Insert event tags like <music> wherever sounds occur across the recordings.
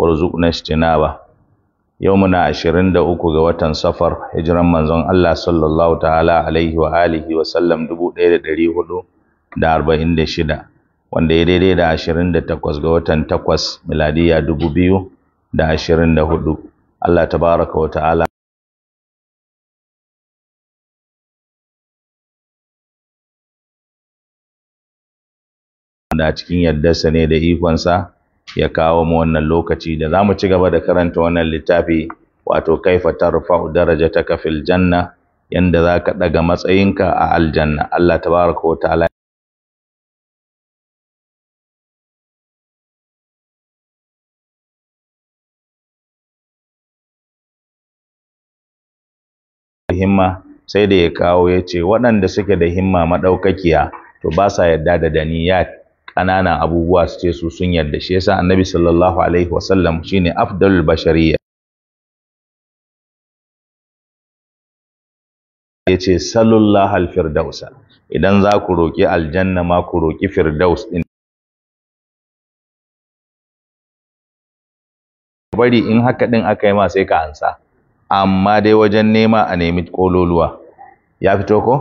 warzuqna istinaba yau muna 23 ga watan safar hijran manzon Allah sallallahu ta'ala alaihi wa alihi wa sallam 1446 wanda ya daidai da 28 ga watan 8 miladiya 2024 Allah tabaraka wa ta'ala da cikin yaddarsa ne da ikonsa ya kawo mu wannan lokaci da zamu ci gaba da karanta wannan littafi wato kaifa daraja ta fil janna yanda zaka daga matsayinka a aljanna Allah tabaaraka wa ta'ala himma sai da ya kawo yace ce waɗanda suke da himma madaukakiya, to ba sa yadda da daniyat ƙananan abubuwa su ce su sun yarda shi yasa annabi sallallahu alaihi wasallam shine afdalul bashariya yace sallallahu firdausa" idan za ku roki aljanna ma ku roki firdaus din bari in haka din aka yi ma sai ka ansa amma dai wajen nema a nemi kololuwa ya fito ko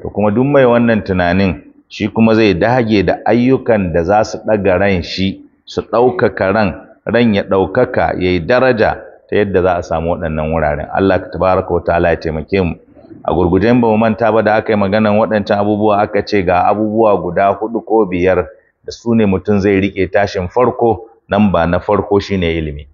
to kuma duk mai wannan tunanin shi kuma zai dage da ayyukan da za su ɗaga ran shi su ɗaukaka ran ran ya ɗaukaka ya yi daraja ta yadda za a samu waɗannan wuraren Allah ka tabaraka wa ta'ala ya taimake mu a gurgujen ba mu manta ba da aka yi maganan waɗancan abubuwa aka ce ga abubuwa guda hudu ko biyar da su ne mutum zai riƙe tashin farko nan ba na farko shine ilimi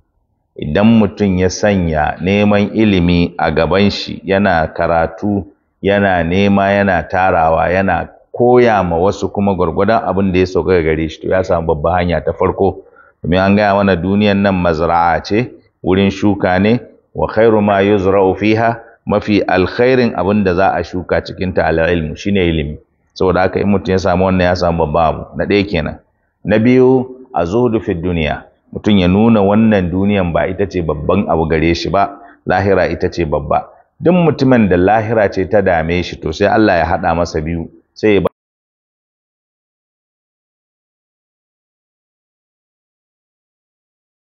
idan mutum ya sanya neman ilimi a gaban shi yana karatu yana nema yana tarawa yana koya ma wasu kuma gwargwadon abin da ya sauka ga gare shi to ya samu babba hanya ta farko domin an gaya mana duniyan nan mazra'a ce wurin shuka ne wa khairu ma yuzra'u fiha mafi alkhairin abin da za a shuka cikin ta al-ilmu shine ilimi saboda haka in mutum ya samu wannan ya samu babba abu na ɗaya kenan na biyu a zuhudu fi duniya mutum ya nuna wannan duniyan ba ita ce babban abu gare shi ba lahira ita ce babba duk mutumin da lahira ce ta dame shi to sai Allah ya haɗa masa biyu Sí.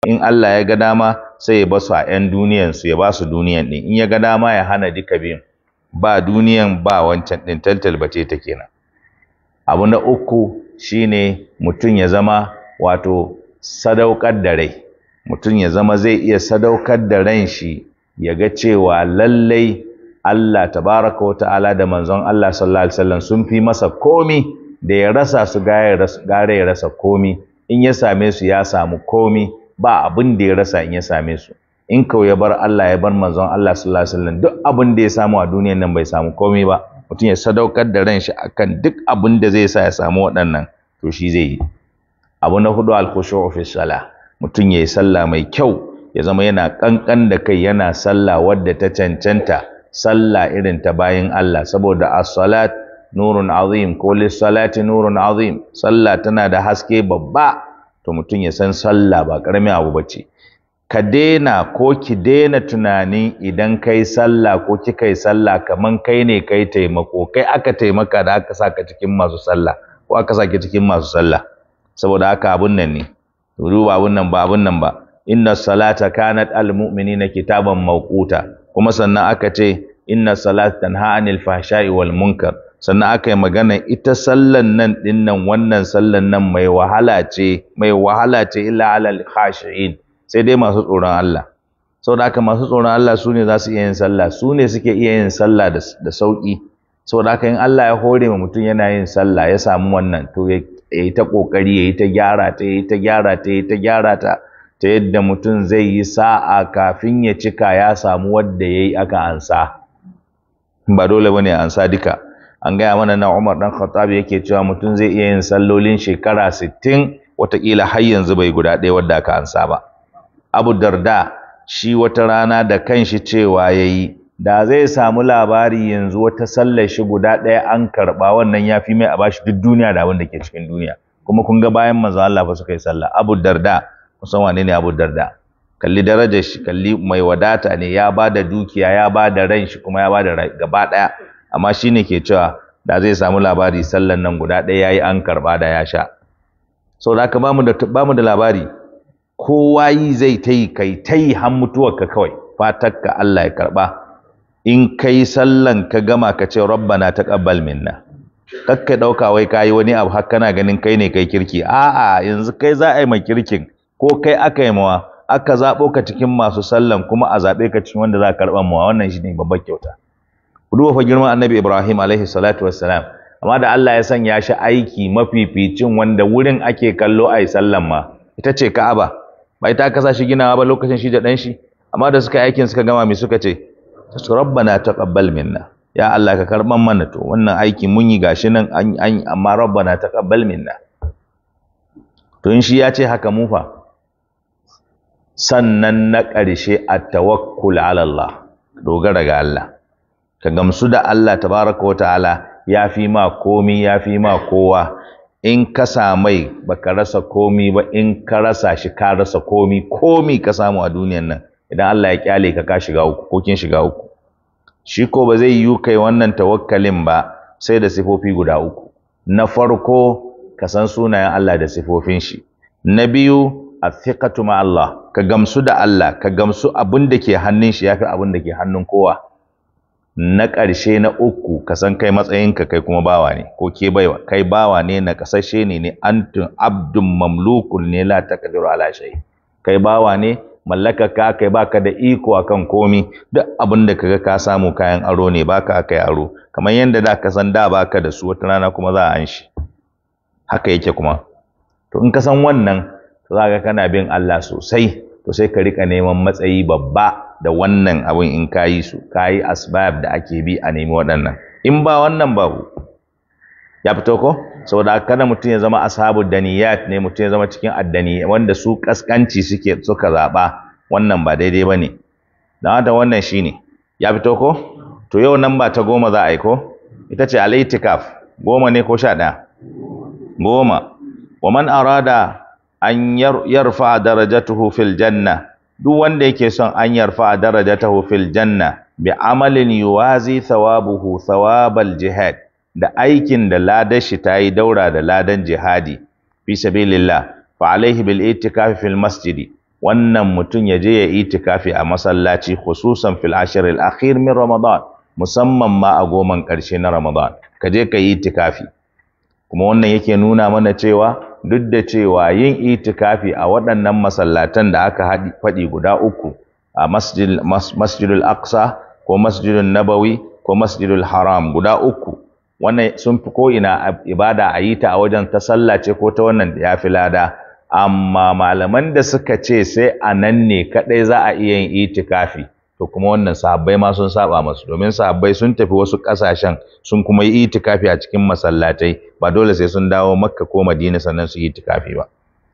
in Allah ya ga dama sai ya ba su a 'yan duniyan su ya ba su duniyan din in ya ga dama ya hana duka biyun ba duniyan ba wancan din tantalbace ta kenan abu na uku shine mutum ya zama wato sadaukar da rai mutum ya zama zai iya sadaukar da ran shi ya ga cewa lallai Allah tabaraka wa ta'ala da manzon Allah sallallahu alaihi wasallam sun fi masa komi da ya rasa su gare ya rasa komi in ya same su ya samu komi ba abin da ya rasa in ya same su in kawai ya bar Allah ya bar manzon Allah sallallahu alaihi wasallam duk abin da ya samu a duniyar nan bai samu komi ba mutum ya sadaukar da ran shi akan duk abin da zai sa ya samu waɗannan to shi zai yi abu na hudu al-khushu'u fi salah mutum yi sallah mai kyau ya zama yana kankan da kai yana sallah wadda ta cancanta sallah irin ta bayin Allah saboda as-salat nurun azim ko lis-salati nurun azim sallah tana da haske babba to mutum ya san sallah ba karamin abu bace ka daina ko ki daina tunani idan kai sallah ko ki kai sallah kaman kai ne kai taimako kai aka taimaka da aka saka cikin masu sallah ko aka saka cikin masu sallah saboda haka abun nan ne duba abun nan ba abun nan ba inna salata kanat almu'minina kitaban mawquta kuma sannan aka ce inna salat tanha anil fahsha'i wal munkar sannan aka yi magana ita sallan nan dinnan wannan sallan nan mai wahala ce mai wahala ce illa alal khashi'in sai dai masu tsoron Allah saboda haka masu tsoron Allah su ne za su iya yin sallah su suke iya yin sallah da sauƙi saboda haka in Allah ya hore ma mutum yana yin sallah ya samu wannan to ya yi ta ƙoƙari ya yi ta gyara ta ya yi ta gyara ta ya yi ta gyara ta ta yadda mutum zai yi sa'a kafin ya cika ya samu wadda ya yi aka ansa ba dole bane ansa duka an gaya mana na Umar dan Khattab yake cewa mutum zai iya yin sallolin shekara 60 watakila har yanzu bai guda ɗaya wadda aka ansa ba Abu Darda shi wata rana da kanshi cewa yayi da zai samu labari yanzu wata sallar shi guda ɗaya an karɓa wannan ya fi mai a bashi duk duniya da abin da ke cikin duniya kuma kun ga bayan manzo Allah ba suka yi sallah Abu Darda musan wane ne Abu Darda kalli darajar shi kalli mai wadata ne ya ba da dukiya ya ba da ran shi kuma ya ba da gaba ɗaya amma shine ke cewa da zai samu labari sallan nan guda ɗaya yayi an karba da ya sha sau da bamu da bamu da labari kowa yi zai tai kai tai yi mutuwar ka kawai fatakka Allah ya karɓa in kai sallan ka gama ka ce rabbana taqabbal minna kakka ɗauka wai kayi wani abu har kana ganin kai ne kai kirki a'a yanzu kai za a yi mai kirkin ko kai aka yi mawa aka zaɓo ka cikin masu sallan kuma a zaɓe ka cikin wanda za ka karɓa mawa wannan shine babbar kyauta ku duba fa girman annabi ibrahim alaihi salatu wassalam amma da Allah ya sanya shi aiki mafificin wanda wurin ake kallo ai sallan ma ita ce ka'aba ba ita ka shi ginawa ba lokacin shi da dan shi amma da suka aikin suka gama mai suka ce su rabbana taqabbal minna ya Allah ka karban mana to wannan aiki mun yi gashi nan an amma rabbana taqabbal minna to in shi ya ce haka mu fa sannan na ƙarshe a tawakkul Allah dogara ga Allah ka gamsu da Allah tabaraka wa ta'ala ya fi ma komi ya fi ma kowa in ka samai ka rasa komi ba in ka rasa shi ka rasa komi komi ka samu a duniyan nan idan Allah ya kyale ka ka shiga uku ko kin shiga uku shi ko ba zai yi kai wannan tawakkalin ba sai da sifofi guda uku na farko ka san sunayen Allah da sifofin shi na biyu athiqatu ma Allah ka gamsu da Allah ka gamsu abin da ke hannun shi yafi abin da ke hannun kowa na ƙarshe na uku ka san kai matsayinka kai kuma bawa ne ko ke baiwa kai bawa ne na kasashe ne ne antun abdun mamlukul ne la taqdiru ala shay kai bawa ne mallaka ka kai baka da iko akan komi duk abin da kaga ka samu kayan aro ne baka kai aro kamar yanda da ka san da baka da su wata rana kuma za a an shi haka yake kuma to in ka san wannan to za ka kana bin Allah sosai to sai ka rika neman matsayi babba da wannan abin in ka yi su ka yi asbab da ake bi a nemi waɗannan in ba wannan babu ya fito ko saboda kana mutum ya zama ashabu daniyat ne mutum ya zama cikin addani wanda su kaskanci suke suka zaba wannan ba daidai bane dan haka wannan shine ya fito ko to yau nan ba ta goma za a yi ko ita ce alaitikaf goma ne ko sha ɗaya goma wa man arada an yarfa darajatuhu fil janna duk wanda yake son an yarfa daraja fil janna bi amalin yuwazi thawabuhu thawabal jihad da aikin da ladan shi tayi daura da ladan jihadi fi sabilillah fa alaihi bil itikafi fil masjidi wannan mutum ya je ya itikafi a masallaci khususan fil ashr akhir min ramadan musamman ma a goman karshe na ramadan ka je ka yi itikafi kuma wannan yake nuna mana cewa duk da cewa yin itikafi a waɗannan masallatan da aka faɗi guda uku a masjidul aqsa ko masjidul nabawi ko masjidul haram guda uku wannan sun fi ko'ina ibada a yi ta a wajen ta sallace ko ta wannan ya fi lada amma malaman da suka ce sai a nan ne kaɗai za a iya yin itikafi to kuma wannan sahabbai ma sun saba masu domin sahabbai sun tafi wasu ƙasashen sun kuma yi itikafi a cikin masallatai ba dole sai sun dawo makka ko madina sannan su yi tikafi ba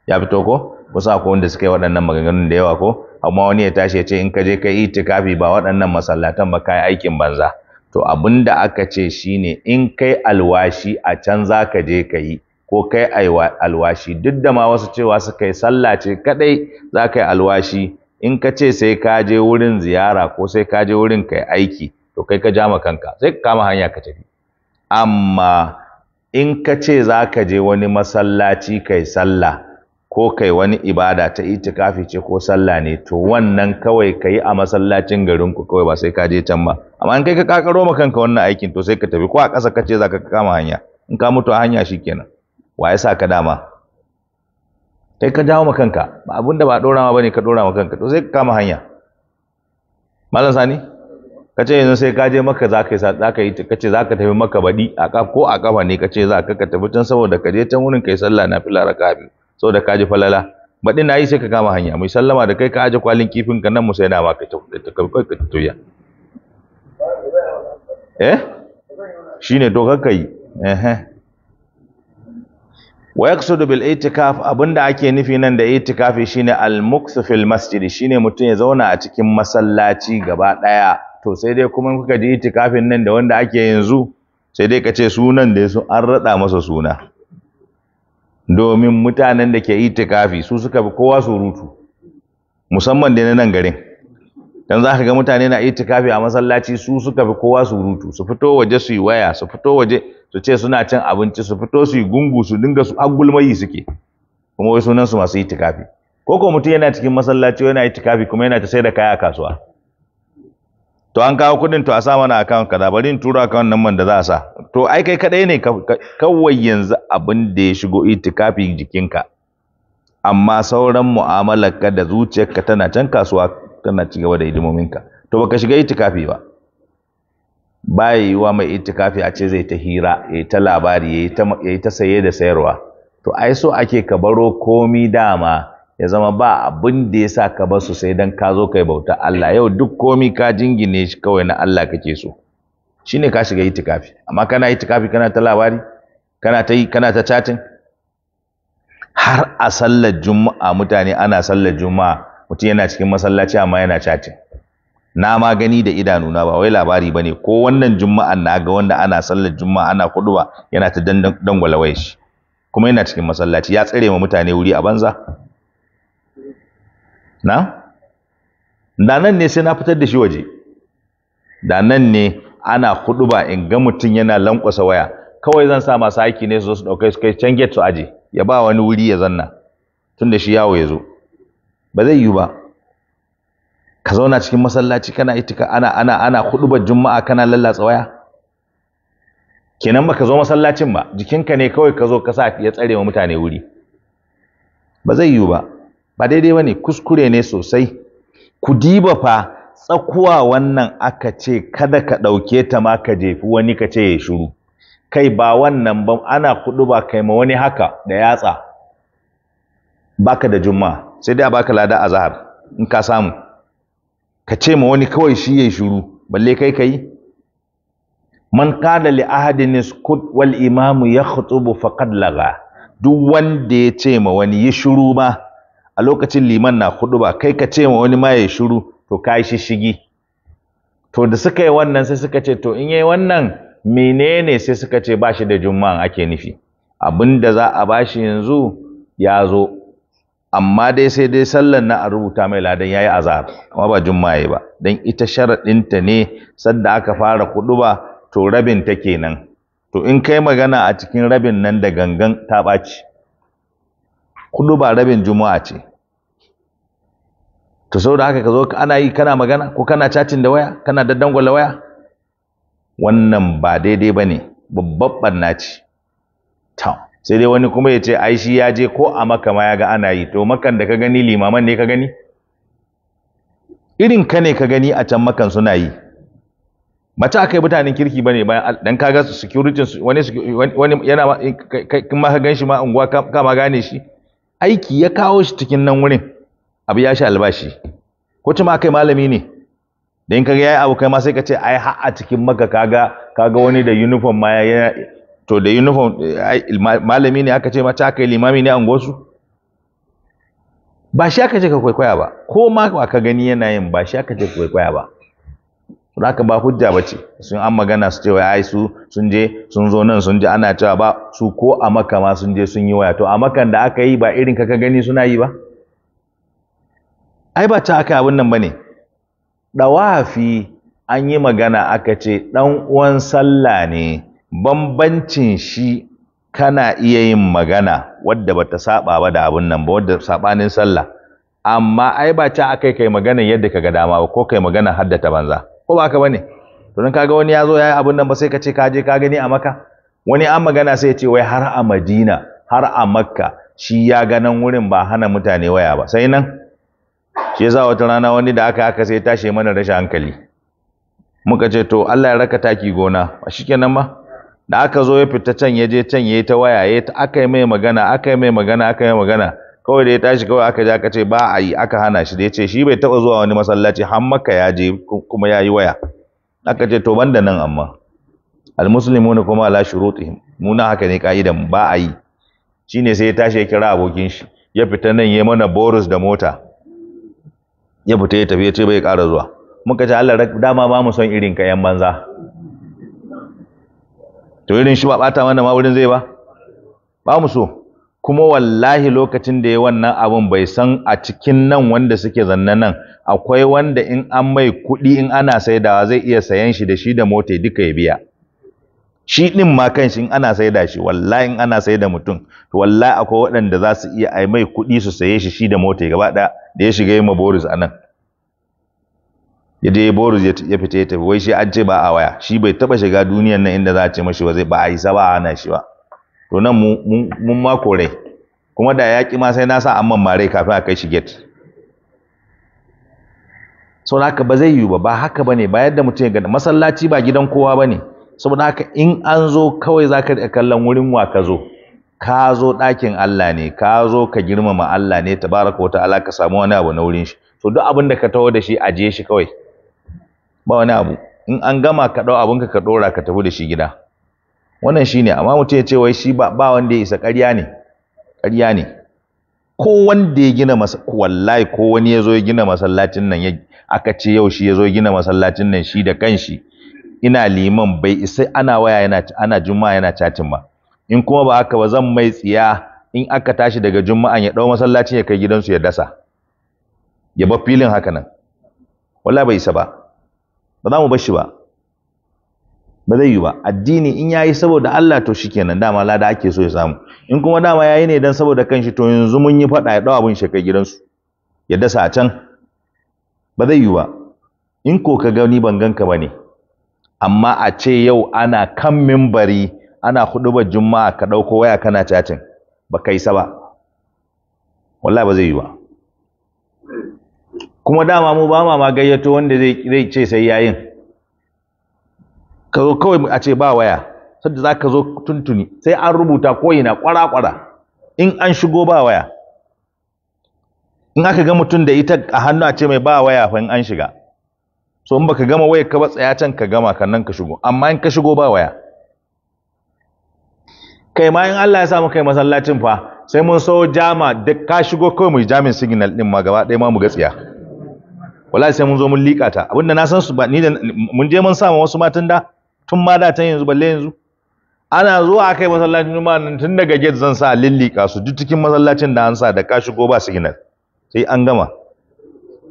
ya fito ko kusa ko wanda suka yi waɗannan maganganun da yawa ko amma wani ya tashi ya ce in ka je ka yi tikafi ba waɗannan masallatan ba kai aikin banza to abin da aka ce shine in kai alwashi a can za ka je ka yi ko kai alwashi duk da ma wasu cewa su kai sallah ce kadai za ka yi alwashi in ka ce sai ka je wurin ziyara ko sai ka je wurin kai aiki to kai ka ja ma kanka sai ka kama hanya ka tafi amma in ka ce za ka je wani masallaci kai sallah ko kai wani ibada ta itikafi ce ko sallah ne to wannan kawai ka yi a masallacin garin ku kawai ba sai ka je can ba amma in kai ka kakaro ma kanka wannan aikin to sai ka tafi ko a ƙasa ka ce za ka kama hanya in ka mutu a hanya shi kenan wa ya sa ka dama kai ka jawo ma kanka ba abinda ba ɗora ma bane ka ɗora ma kanka to sai ka kama hanya malam sani ka ce yanzu sai ka je maka za ka yi za kace yi ka ce za ka tafi maka baɗi a ƙaf ko a ƙafa ne ka ce za ka tafi can saboda ka je can wurin ka yi sallah na fila raka biyu saboda ka ji falala baɗi na yi sai ka kama hanya mai sallama da kai ka aje kwalin kifin ka nan musai na ma ka tuya eh shi ne dokar ka yi wa yaqsudu bil itikaf abinda ake nufi nan da itikafi shine al-mukthu fil masjid shine mutum ya zauna a cikin masallaci gaba daya to sai dai kuma kuka ji itikafin nan da wanda ake yanzu sai dai ka ce sunan da su an rada masa suna domin mutanen da ke itikafi su suka fi kowa surutu musamman da na nan garin dan za ka ga mutane na itikafi a masallaci su suka fi kowa surutu su fito waje su yi waya su fito waje su ce suna cin abinci su fito su yi gungu su dinga su agulmayi suke kuma wai sunan su masu itikafi Koko mutum yana cikin masallaci yana itikafi kuma yana ta sai da kaya kasuwa to an kawo kuɗin to a sa mana akan kaza bari in tura ka wannan man da za a sa to ai kai kadai ne kawai yanzu abin da ya shigo itikafi jikinka amma sauran mu'amalar ka da zuciyarka tana can kasuwa tana ci gaba da ka. to baka shiga itikafi ba ba yiwuwa mai itikafi a ce zai ta hira ya ta labari ya ta saye da sayarwa to ai so ake ka baro komi dama ya zama ba abin da ya sa ka basu sai don ka zo kai bauta Allah yau duk komi ka jingine shi kawai na Allah kake so shine ka shiga itikafi amma kana itikafi kana ta labari kana ta yi kana ta chatting har a sallar juma'a mutane ana sallar juma'a mutum yana cikin masallaci amma yana chatting na ma gani da idanuna ba wai labari bane ko wannan juma'an na ga wanda ana sallar juma'a ana kuduwa yana ta dangwala shi kuma yana cikin masallaci ya tsare ma mutane wuri a banza na da nan ne sai na fitar da shi waje da nan ne ana ba in ga mutum yana lankwasa waya kawai zan sa masu aiki ne su zo su dauke su kai can gate su aje ya ba wani wuri ya zanna tun da shi yawo ya zo ba zai yiwu ba ka zauna cikin masallaci kana itika ana ana ana ba juma'a kana lallatsa waya kenan ba ka zo masallacin ba jikinka ne kawai ka zo ka sa ya tsare wa mutane wuri ba zai yiwu ba ba daidai ne kuskure ne sosai ku diba fa tsakuwa wannan aka ce kada ka ɗauke ta ma ka jefi wani ka ce ya shiru kai ba wannan ba ana kudu ba kai ma wani haka da yatsa baka da juma sai dai a baka lada zahar in ka samu ka ce ma wani kawai shi ya shiru balle kai ka yi man kada li ahadin iskut wal ya khutubu faqad laga duk wanda ya ce ma wani ya shiru ba a lokacin liman na ba kai ka ce ma wani ma ya shiru to kai shishigi to da suka yi wannan sai suka ce to in yayi wannan menene sai suka ce ba shi da juma'a ake nufi abin da za a bashi yanzu ya zo amma dai sai dai sallan na a rubuta mai ladan yayi azar amma ba juma'a ba dan ita sharaɗinta ne sadda aka fara kuɗuba to rabin ta kenan to in kai magana a cikin rabin nan da gangan ta ɓaci hudu ba rabin juma'a ce to saboda haka ka zo ana yi kana magana ko kana cacin da waya kana daddangwala waya wannan ba daidai ba ne babban barna ce sai dai wani kuma ya ce ai shi ya je ko a maka ma ya ga ana yi to makan da ka gani limaman ne ka gani irin ka ne ka gani a can makan suna yi mace akai mutanen kirki bane ba dan kaga security wani wani yana kin ma ka gan shi ma unguwa ka ma gane shi aiki ya kawo shi cikin nan wurin abu ya shi albashi ko ma kai malami ne da in kaga yayi abu kai ma sai ka ce ai har a cikin maka kaga kaga wani da uniform ma ya to da uniform malami ne aka ce ma ta kai limami ne an gosu ba shi aka ce ka kwaikwaya ba ko ma ka gani yana yin ba shi aka ce ka kwaikwaya ba haka ba hujja ba ce sun an magana su cewa ai su sun je sun zo nan sun je ana cewa ba su ko a maka ma sun je sun yi waya to a makan da aka yi ba irin ka gani suna yi ba ai ba ta aka abin nan ba ne ɗawafi an yi magana aka ce ɗan uwan sallah ne bambancin shi kana iya yin magana wadda bata saba ba da abin nan ba wadda sabanin sallah amma ai ba ta yi kai magana yadda ka ga dama ba ko kai magana haddata banza ko ba ka bane to kaga wani ya zo yayi abin nan ba sai ka ce ka je ka gani a maka wani an magana sai ya ce wai har a madina har a makka shi ya ganan wurin ba hana mutane waya ba sai nan shi yasa wata rana wani da aka aka sai tashi mana rashin hankali muka ce to Allah ya raka taki gona a shikenan ma da aka zo ya fita can ya je can yayi ta waya yayi ta aka yi mai magana aka yi mai magana aka yi magana kawai da ya tashi kawai aka ja aka ce ba a yi aka hana shi da ya ce shi bai taba zuwa wani masallaci har makka ya je kuma ya yi waya aka ce to banda nan amma almuslimuna kuma ala shurutihim muna haka ne ka'idan ba a yi shine sai ya tashi ya kira abokin shi ya fita nan ya mana borus da mota ya fita ya tafi ya ce bai ƙara zuwa muka ce Allah dama ba mu son irin ka yan banza to irin shi ba bata mana ma wurin zai ba ba mu so kuma wallahi lokacin da ya wannan abin bai san a cikin nan wanda suke zanne nan akwai wanda in an mai kuɗi in ana saidawa zai iya sayan shi da shi da mota duka ya biya shi ɗin ma kan shi in ana saida shi wallahi in ana saida mutum to wallahi akwai waɗanda za su iya ai mai kuɗi su saye shi shi da mota gaba ɗaya da ya shiga ma Boris a nan ya Boris ya fita ya tafi wai shi an ce ba a waya shi bai taɓa shiga duniyan nan inda za a ce mashi ba zai ba a isa ba a hana shi ba to nan mun mako rai kuma da ya ma sai na sa an mare kafin a kai shi gate sau da haka ba zai yiwu ba ba haka ba ba yadda mutum ya gada masallaci ba gidan kowa ba ne saboda haka in an zo kawai za ka kallon wurin wa ka zo ka zo ɗakin Allah ne ka zo ka girmama Allah ne tabaraka wa ta'ala ka samu wani abu na wurin shi to duk abin da ka taho da shi aje shi kawai ba wani abu in an gama ka ɗau abinka ka ɗora ka tafi da shi gida wannan shine amma mutum ya ce wai shi ba ba wanda ya isa ƙarya ne ƙarya ne ko wanda ya gina masa wallahi ko wani ya zo ya gina masallacin nan aka ce yau shi ya zo gina masallacin nan shi da kanshi ina liman bai isa ana waya yana ana juma'a yana chatin ba in kuma ba haka ba zan mai tsiya in aka tashi daga juma'an ya dau masallacin ya kai gidansu ya dasa ya ba filin haka nan wallahi bai isa ba ba za mu bar shi ba ba zai yi ba addini in yayi saboda Allah to kenan, dama lada ake so ya samu in kuma dama yayi ne dan saboda kanshi to yanzu mun yi faɗa ya dawo abin shi kai gidansu ya dasa a can ba zai yi ba in ko ka gani ban ganka bane amma a ce yau ana kan mimbari ana hudubar juma'a ka dauko waya kana cacin ba kai sa ba wallahi ba zai yi ba kuma dama mu ba ma gayyato wanda zai ce sai yayin ka zo kawai a ce ba waya sadda za ka zo tuntuni sai an rubuta koyina kwara-kwara in an shigo ba waya in aka ga mutum da ita a hannu a ce mai ba waya fa in an shiga so in baka gama waya ka ba tsaya can ka gama kan nan ka shigo amma in ka shigo ba waya kai ma in Allah ya samu kai masallacin fa sai mun so jama duk ka shigo kawai mu jamin signal din ma gaba ɗaya ma mu gatsiya wallahi sai mun zo mun liƙa ta abinda na san su ba ni da mun je mun samu wasu matan da tun ma da can yanzu balle yanzu ana zuwa kai masallacin juma'a nan tun daga gate zan sa lillika su duk cikin masallacin da an sa da ka shigo ba signal sai an gama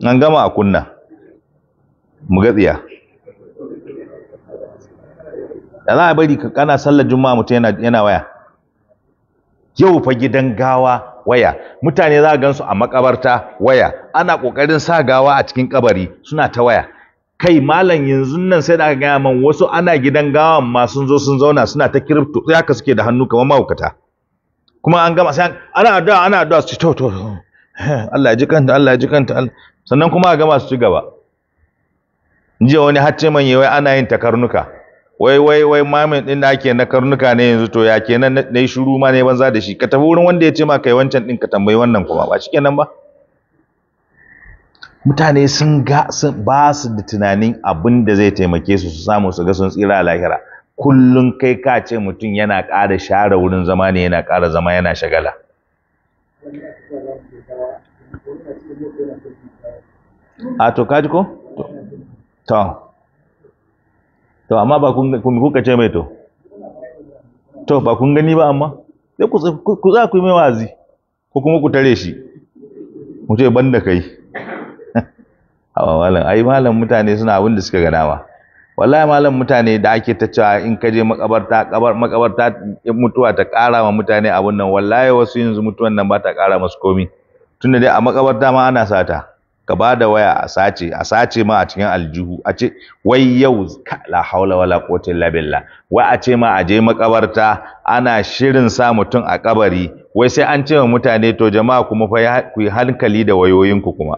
an gama a kunna mu ga tsiya da za a bari ka kana sallar juma'a mutum yana yana waya yau fa gidan gawa waya mutane za a gansu a makabarta waya ana kokarin sa gawa a cikin kabari suna ta waya kai malam yanzu nan sai da aka gaya man wasu ana gidan gawan ma sun zo sun zauna suna ta kirifto sai haka suke da hannu kamar mahaukata kuma an gama sai ana addu'a ana addu'a su ci to to Allah ya ji kanta Allah ya ji kanta sannan kuma a gama su ci gaba jiya wani hacce man wai ana yin ta karnuka wai wai wai mamin din da ake na karnuka ne yanzu to ya kenan na shiru ma ne banza da shi ka tafi wurin wanda ya ce ma kai wancan din ka tambayi wannan kuma ba shikenan ba mutane sun ga sun ba su da tunanin abin da zai taimake su su samu su ga sun tsira a lahira kullum kai ka ce mutum yana ƙara share wurin zama ne yana ƙara zama yana shagala a to kaji ko to to amma ba kun kuka ce mai to to ba kun gani ba amma sai ku za ku yi mai wazi ko kuma ku tare shi mu ce banda kai amma malam ai malam mutane suna abin da suka ga dama wallahi malam mutane da ake ta cewa in ka je makabarta kabar makabarta mutuwa ta ƙara ma mutane abun nan wallahi wasu yanzu mutuwan nan ba ta ƙara masu komi tunda dai a makabarta ma ana sata ka ba da waya a sace a sace ma a cikin aljihu a ce wai yau la haula wala quwwata illa billah wai a ce ma a je makabarta ana shirin sa mutum a kabari wai sai an ce wa mutane to jama'a kuma fa ku yi hankali da wayoyinku kuma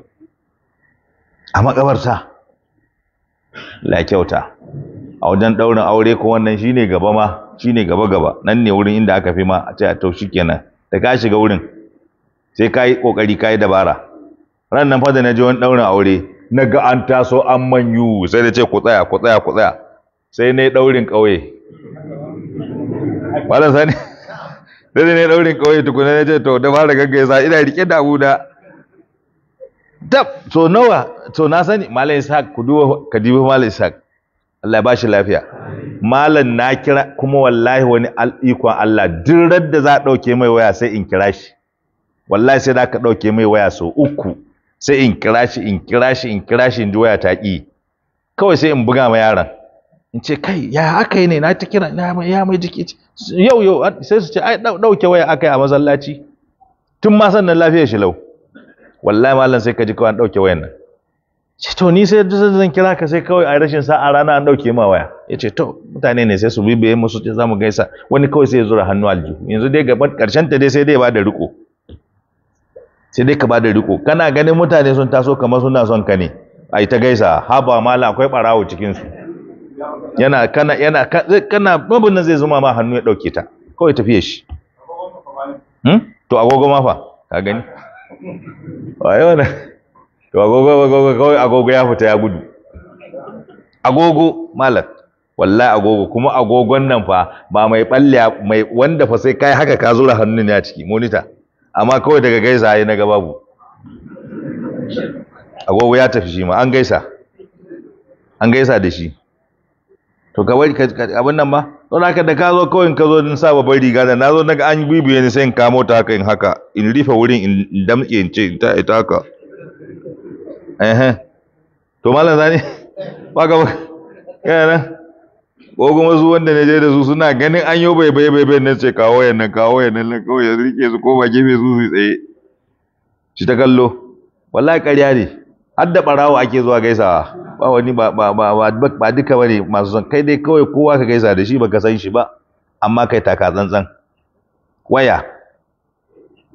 a makabarta la kyauta a wajen ɗaurin aure ko wannan shine gaba ma shine gaba gaba nan ne wurin inda aka fi ma a ce a to kenan da ka shiga wurin sai ka yi kokari ka yi dabara ran nan fa da na wani ɗaurin aure na ga an taso an manyu sai da ce ku tsaya ku tsaya ku tsaya sai na yi ɗaurin ƙauye ba <laughs> da sani sai na yi ɗaurin ƙauye tukuna na ce to da fara gaggaya sa ina rike da abu dab so nawa to na sani malam ishaq ku duba ka duba malam ishaq Allah ya bashi lafiya malam na kira kuma wallahi wani al'ikon Allah duk da za a dauke mai waya sai in kira shi wallahi sai da ka dauke mai waya so uku sai in kira shi in kira shi in kira shi in waya ta ki kawai sai in buga ma yaran. in ce kai ya aka yi ne na ta kira na mai ya mai jiki yau yau sai su ce ai dauke waya akai a masallaci tun ma sannan lafiyar shi lau wallahi Mallam sai ka ji kawai an dauke wayan nan ce to ni sai zan kira ka sai kawai a rashin sa'a rana an dauke ma waya ya ce to mutane ne sai su bibiye musu ce za mu gaisa wani kawai sai ya zura hannu aljihu yanzu dai gaban karshen ta dai sai dai ba da riko sai dai ka ba da riko kana ganin mutane sun taso kamar suna son ka ne ai ta gaisa haba mala akwai barawo cikin su yana kana yana kana babu nan zai zuma ma hannu ya dauke ta kawai tafiye shi hmm? to agogo ma fa ka gani wayo ne? to agogo agogo kawai agogo ya fita ya gudu agogo malak wallahi agogo kuma agogon nan fa ba mai balle mai wanda fa sai kai haka ka zura hannun ya ciki monitor amma kawai daga gaisa yayi na ga babu agogo ya tafi shi ma an gaisa an gaisa da shi to ka abin nan ba don haka da ka zo kawai ka zo in sa babbar riga da na zo naga an bibiye ni sai in kamo ta haka in haka in rufe wurin in damke in ce ta ita haka eh to malam zani ba ga ba kana ko kuma su wanda ne je da su suna ganin an yo bai bai bai ne ce kawo ya nan kawo ya nan ko ya rike su ko ba gefe su su tsaye shi ta kallo wallahi ƙarya ne har da barawo ake zuwa gaisawa ba wani ba ba ba ba masu son kai dai kawai kowa ka gaisa da shi baka san shi ba amma kai taka tsantsan waya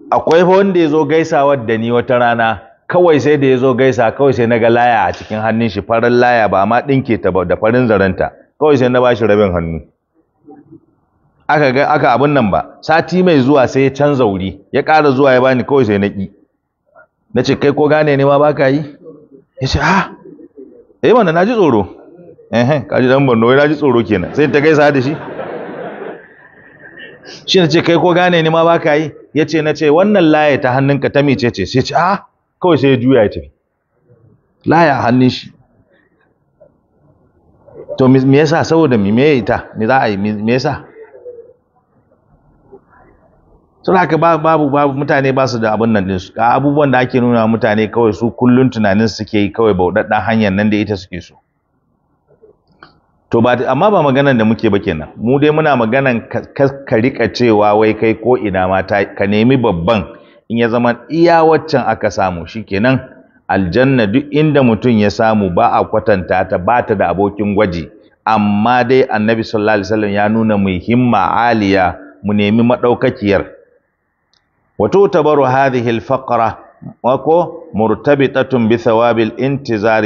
akwai fa wanda ya zo gaisa da ni wata rana kawai sai da ya zo gaisa kawai sai na ga laya a cikin hannun shi farin laya ba ma dinke ta ba da farin zaranta kawai sai na bashi rabin hannu aka ga aka abin nan ba sati mai zuwa sai ya canza wuri ya kara zuwa ya bani kawai sai na ƙi na ce kai ko gane ne ma baka yi ya ce ha ah, eh na naji tsoro eh kaji dan Borno na naji tsoro kenan sai ta gaisa da shi shi ne ce kai ko gane ni ma baka yi yace na ce wannan laye ta hannunka ta mece ce sai ce ah kawai sai ya juya ya tafi laye a hannun shi to me yasa saboda me me ita me za a yi me yasa sun haka babu babu mutane ba su da abin nan dinsu ga abubuwan da ake nuna mutane kawai su kullun tunanin suke yi kawai bauɗaɗɗen hanyar nan da ita suke so to ba amma ba maganan da muke ba kenan mu dai muna maganan ka rika cewa wai kai ko ina ma ka nemi babban in ya zama iya waccan aka samu shikenan aljanna duk inda mutum ya samu ba a kwatanta ta ba ta da abokin gwaji amma dai annabi sallallahu alaihi wasallam ya nuna muhimma aliya mu nemi madaukakiyar وتعتبر هذه الفقرة وكو مرتبطة بثواب الانتظار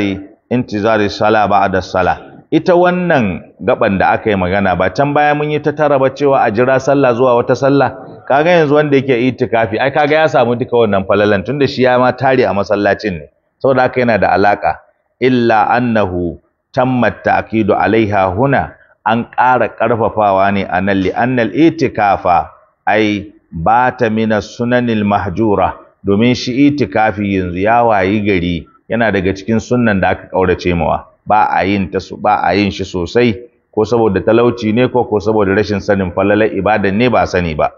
انتظار الصلاة بعد الصلاة ita wannan gaban da aka yi magana ba can baya mun yi ta tara ba cewa a jira sallah zuwa wata sallah kaga yanzu wanda yake itikafi ai kaga ya samu duka wannan falalan tunda shi ya ma tare a masallacin ne saboda haka yana da alaka illa annahu tammat ta'kidu alaiha huna an ƙara ƙarfafawa ne a nan li'annal itikafa ai bata mina sunanil mahjura domin shi itikafi yanzu ya wayi gari yana daga cikin sunnan da aka kaurace mawa ba a yin ta ba a yin shi sosai ko saboda talauci ne ko ko saboda rashin sanin falalar ibada ne ba sani ba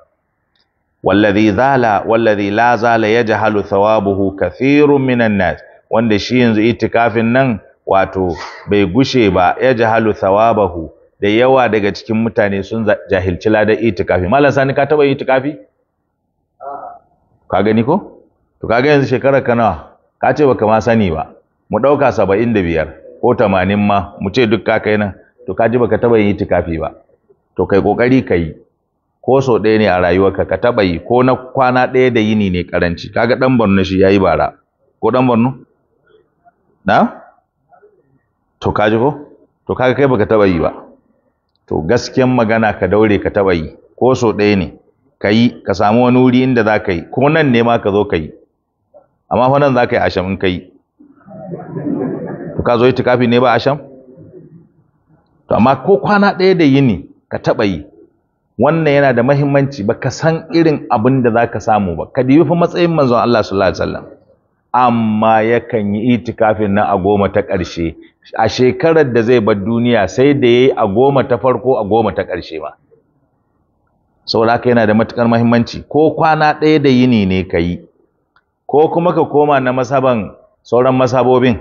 wallazi zala wallazi la zala yajhalu thawabuhu kathirun minan nas wanda shi yanzu itikafin nan wato bai gushe ba yajhalu thawabahu da yawa daga cikin mutane sun jahilci ladan itikafi malam sani ka taba itikafi ka gani ko to kaga yanzu shekarar ka nawa ka ce baka ma sani ba mu dauka 75 ko 80 ma mu ce duk ka kai nan to ka ji baka taba itikafi ba to kai kokari kai ko so ɗaya ne a rayuwarka ka taba yi ko na kwana ɗaya da yini ne karanci kaga dan Borno shi yayi bara ko dan Borno na to kaji ko to kaga kai baka taba yi ba to gaskiyan magana ka daure ka taba yi ko so ɗaya ne ka yi ka samu wani wuri inda za ka yi ko nan ne ma ka zo ka yi amma fa nan za ka yi asham in ka yi to ka zo yi tukafi ne ba asham to amma ko kwana ɗaya da yini ka taba yi wannan yana da mahimmanci ba ka san irin abin da za ka samu ba ka dibi fa matsayin manzon Allah sallallahu alaihi wasallam amma yakan yi itikafin nan a goma ta ƙarshe a shekarar da zai bar duniya sai da yayi a goma ta farko a goma ta ƙarshe ma saboda haka yana da matukar muhimmanci ko kwana ɗaya da yini ne ka yi ko kuma ka koma na masaban sauran masabobin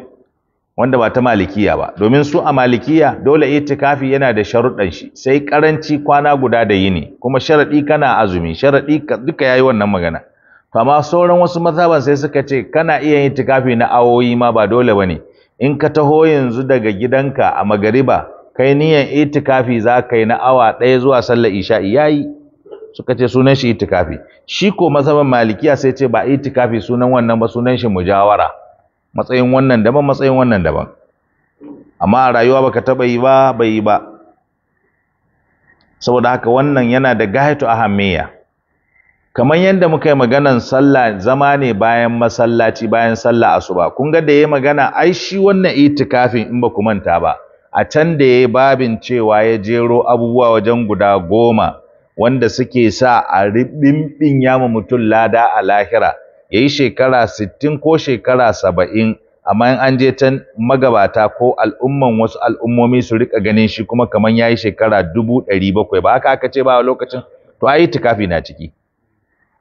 wanda ba ta malikiya ba domin su a malikiya dole itikafi yana da sharuɗan shi sai karanci kwana guda da yini kuma sharaɗi kana azumi sharaɗi duka yayi wannan magana to sauran wasu mazhaban sai suka ce kana iya yin tikafi na awoyi ma ba dole bane in ka taho yanzu daga gidanka a magariba kai niyan itikafi za ka yi na awa ɗaya zuwa sallar isha'i yayi suka ce sunan shi itikafi shi ko mazhaban malikiya sai ce ba itikafi sunan wannan ba sunan shi mujawara matsayin wannan daban matsayin wannan daban amma a rayuwa baka taba yi ba bai yi ba saboda haka wannan yana da gahatu ahammiya kamar yadda muka yi maganan sallah zama ne bayan masallaci bayan sallah asuba kun ga da yayi magana ai shi wannan itikafin in ba ku manta ba a can da yayi babin cewa ya jero abubuwa wajen guda goma wanda suke sa a ya yama mutum lada a lahira yayi shekara sittin ko shekara saba'in, amma in an je can magabata ko al'umman wasu al'ummomi su rika ganin shi kuma kaman yayi shekara dubu ɗari bakwai ba haka aka ce ba lokacin to ai itikafi na ciki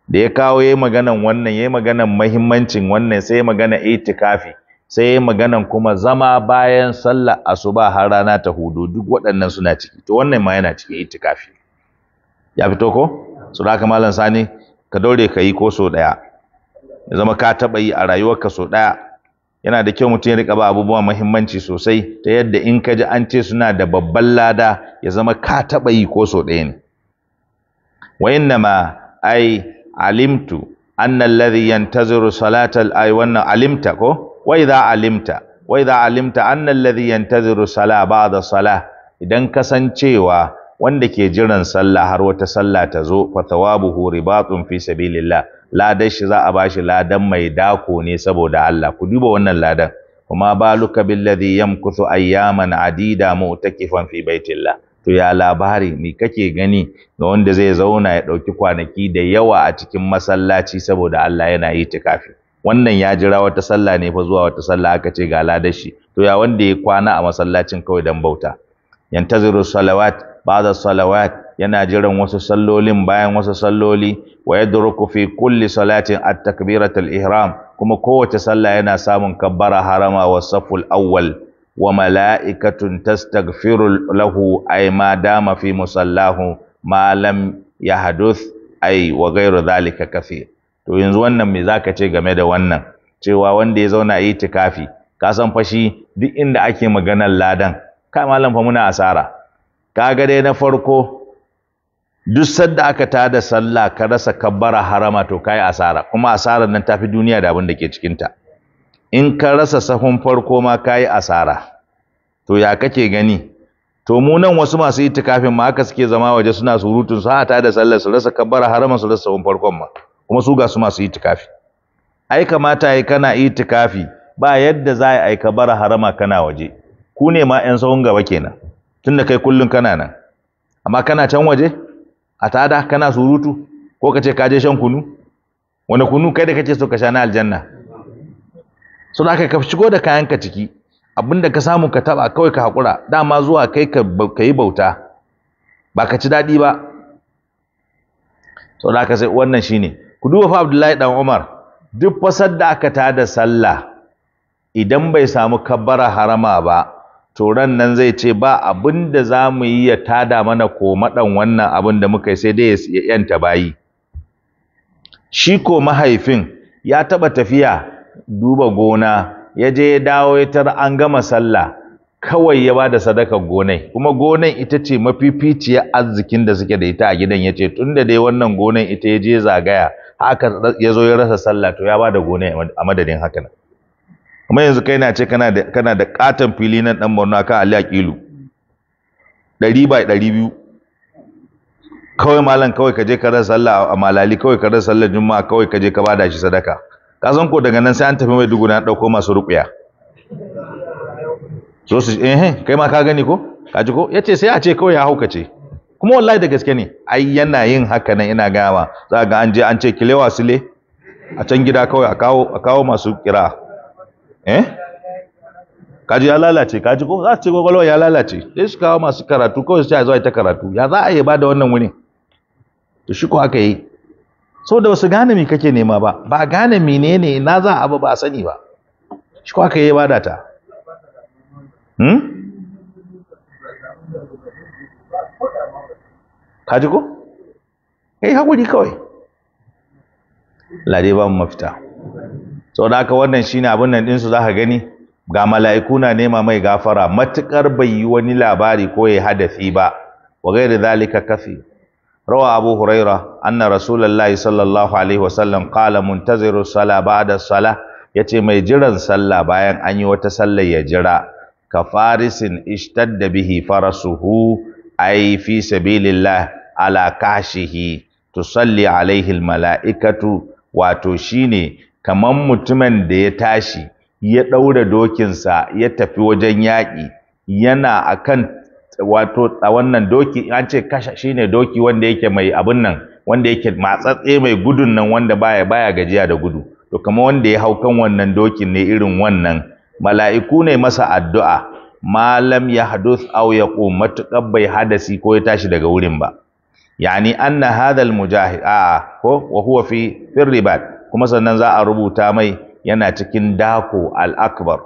da ya kawo yayi maganan wannan yayi maganan mahimmancin wannan sai yayi magana itikafi sai yayi maganan kuma zama bayan sallah, asuba har rana ta hudu duk waɗannan suna ciki to wannan ma yana cikin itikafi ya fito ko su da malam sani ka daure ka yi ko so ɗaya ya zama ka taɓa yi a rayuwarka so ɗaya yana da kyau mutum ya rika ba abubuwa mahimmanci sosai ta yadda in ka ji an ce suna da babban lada ya zama ka taɓa yi ko so ɗaya ne wa ma ai alimtu anna alladhi yantaziru salatal ay wannan alimta ko wa idza alimta wa idza alimta anna alladhi yantaziru sala ba'da sala idan kasancewa wanda ke jiran sallah har wata sallah ta zo fa thawabuhu ribatun fi sabilillah ladan shi za a bashi ladan mai dako ne saboda Allah ku duba wannan ladan kuma baluka billadhi yamkuthu ayyaman adida mu'takifan fi baitillah to ya labari me kake gani ga wanda zai zauna ya ɗauki kwanaki da yawa a cikin masallaci saboda Allah yana yi tikafi wannan ya jira wata sallah ne fa zuwa wata sallah aka ce ga ladashi to ya wanda ya kwana a masallacin kawai dan bauta yantaziru salawat ba'da salawat yana jiran wasu sallolin bayan wasu salloli wa yadruku fi kulli salatin at-takbiratul ihram kuma kowace sallah yana samun kabbara harama wa saful awwal wa mala'ikatun tastaghfiru lahu ay ma dama fi musallahu ma lam yahduth ay wa ghairu zalika kathir to yanzu wannan me zaka ce game da wannan cewa wanda ya zauna yi tikafi ka san fashi duk inda ake maganar ladan kai malam fa muna asara Ka ga dai na farko duk sadda aka da sallah ka rasa kabbara harama to kai asara kuma asarar nan tafi duniya da abin da ke cikinta in ka rasa sahun farko ma ka yi asara to ya kake gani to mu nan wasu masu itikafin ma haka suke zama waje suna surutun su hata da sallar su rasa kabbara harama su rasa sahun farkon ma kuma su ga su masu itikafi ai kamata ai kana itikafi ba yadda za a yi kabbara harama kana waje ku ne ma yan sahun gaba kenan tunda kai kullun kana nan amma kana can waje a tada kana surutu ko ka ce ka je shan kunu wani kunu kai da kake so ka sha na aljanna sau da ka shigo da kayanka ciki abinda ka samu ka taba kawai ka hakura dama zuwa kai ka yi bauta ba ka ci daɗi ba sau da ka sai wannan shi ne. ku duba fa Abdullahi dan Umar duk fasar da aka tada sallah idan bai samu kabbara harama ba turan nan zai ce ba abinda da za mu yi ya tada mana ko maɗan wannan abin da muka yi sai dai ya yanta bayi shi ko mahaifin ya taɓa tafiya duba gona ya je ya dawo ya tar an gama sallah kawai ya ba da sadakar gonai kuma gonai ita ce mafificiyar arzikin da suke da ita a gidan ya ce tun da dai wannan gonai ita ya je zagaya haka ya zo ya rasa sallah to ya ba da gonai a madadin haka nan kuma yanzu kai na ce kana da kana katon fili na dan Borno akan Ali Aqilu 100 by 200 kawai malam kawai ka je ka rasa sallah a malali kawai ka rasa sallah juma'a kawai ka je ka bada shi sadaka ka san ko daga nan sai an tafi mai dugu na dauko masu rukuya so su eh kai ma ka gani ko ka ji ko yace sai a ce kawai ya haukace kuma wallahi da gaske ne ai yana yin haka nan ina gama za ga an je an ce kile wasile a can gida kawai a kawo a kawo masu kira eh ji ya lalace ka ji ko za su ce gwagwalwa ya lalace sai su kawo masu karatu kawai su ce a zo a ta karatu ya za a yi ba da wannan wurin to shi ko aka yi so da wasu gane mi kake nema ba ba gane menene na za abu ba a sani ba shi kwa kai bada ta hmm kaji ko yi hakuri kawai lade ba mu mafita sau da aka wannan shine ne nan ɗinsu za ka gani ga mala'iku na nema mai gafara matuƙar bai yi wani labari ko ya hadafi ba wa da zalika kafi روى أبو هريرة أن رسول الله صلى الله عليه وسلم قال منتظر الصلاة بعد الصلاة yace mai jiran sallah bayan an yi wata sallah ya jira ka farisin ishtadda bihi farasuhu ay fi sabilillah ala kashihi tusalli alaihi mala'ikatu wato shine kaman mutumin da ya tashi ya daura dokinsa ya tafi wajen yaƙi yana akan wato a wannan doki an ce kasha shine doki wanda yake mai abun nan wanda yake matsatse mai gudun nan wanda baya baya gajiya da gudu to kama wanda ya hau kan wannan dokin ne irin wannan mala'iku ne masa addu'a malam ya haduth aw matuƙar bai hadasi ko ya tashi daga wurin ba yani anna hadal mujahid a ko wa huwa fi firribat kuma sannan za a rubuta mai yana cikin dako al akbar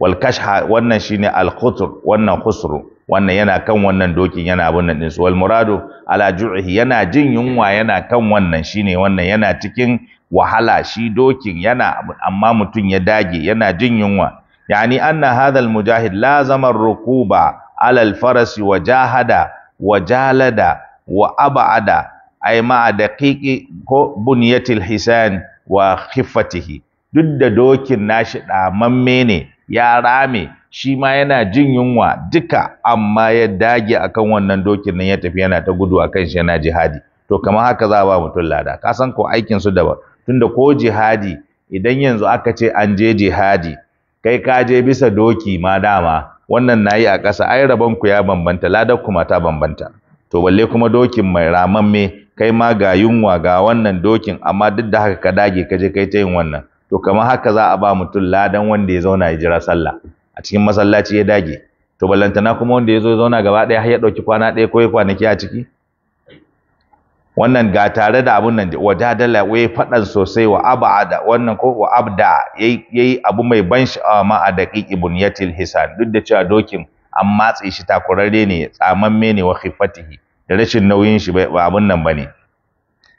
wal kashha wannan shine al khutr wannan khusru wannan yana kan wannan dokin yana abin nan ɗinsu wal muradu ala ju'ihi yana jin yunwa yana kan wannan shine wannan yana cikin wahala shi dokin yana amma mutum ya dage yana jin yunwa yani anna hadha al mujahid lazama rukuba ala al farasi wa jahada wa jalada wa ab'ada ay ma'a daqiqi ko bunyatil hisan wa khiffatihi duk da dokin nashi ɗamamme ne ya rame shi ma yana jin yunwa duka amma ya dage akan wannan dokin nan ya tafi yana ta gudu akan shi yana jihadi to kamar haka za a ba mutum lada ka san ko aikin su daban tunda ko jihadi idan yanzu aka ce an je jihadi kai ka je bisa doki ma dama wannan nayi a ƙasa ai rabon ku ya bambanta ladar kuma ta bambanta to balle kuma dokin mai ramamme kai ma ga yunwa ga wannan dokin amma duk da haka ka dage ka je kai ta yin wannan to kamar haka za a ba mutum ladan wanda ya zauna ya jira sallah a cikin masallaci ya dage to ballantana kuma wanda ya zo zauna gaba ɗaya har ya ɗauki kwana ɗaya ko ya kwanaki a ciki wannan ga tare da abun nan wa dadala wai fadan sosai wa abada wannan ko wa abda yayi abu mai ban sha'awa ma a daqiq ibn hisan duk da cewa dokin an matsi shi takurarre ne tsamamme ne wa khifatihi da rashin nauyin shi ba abun nan bane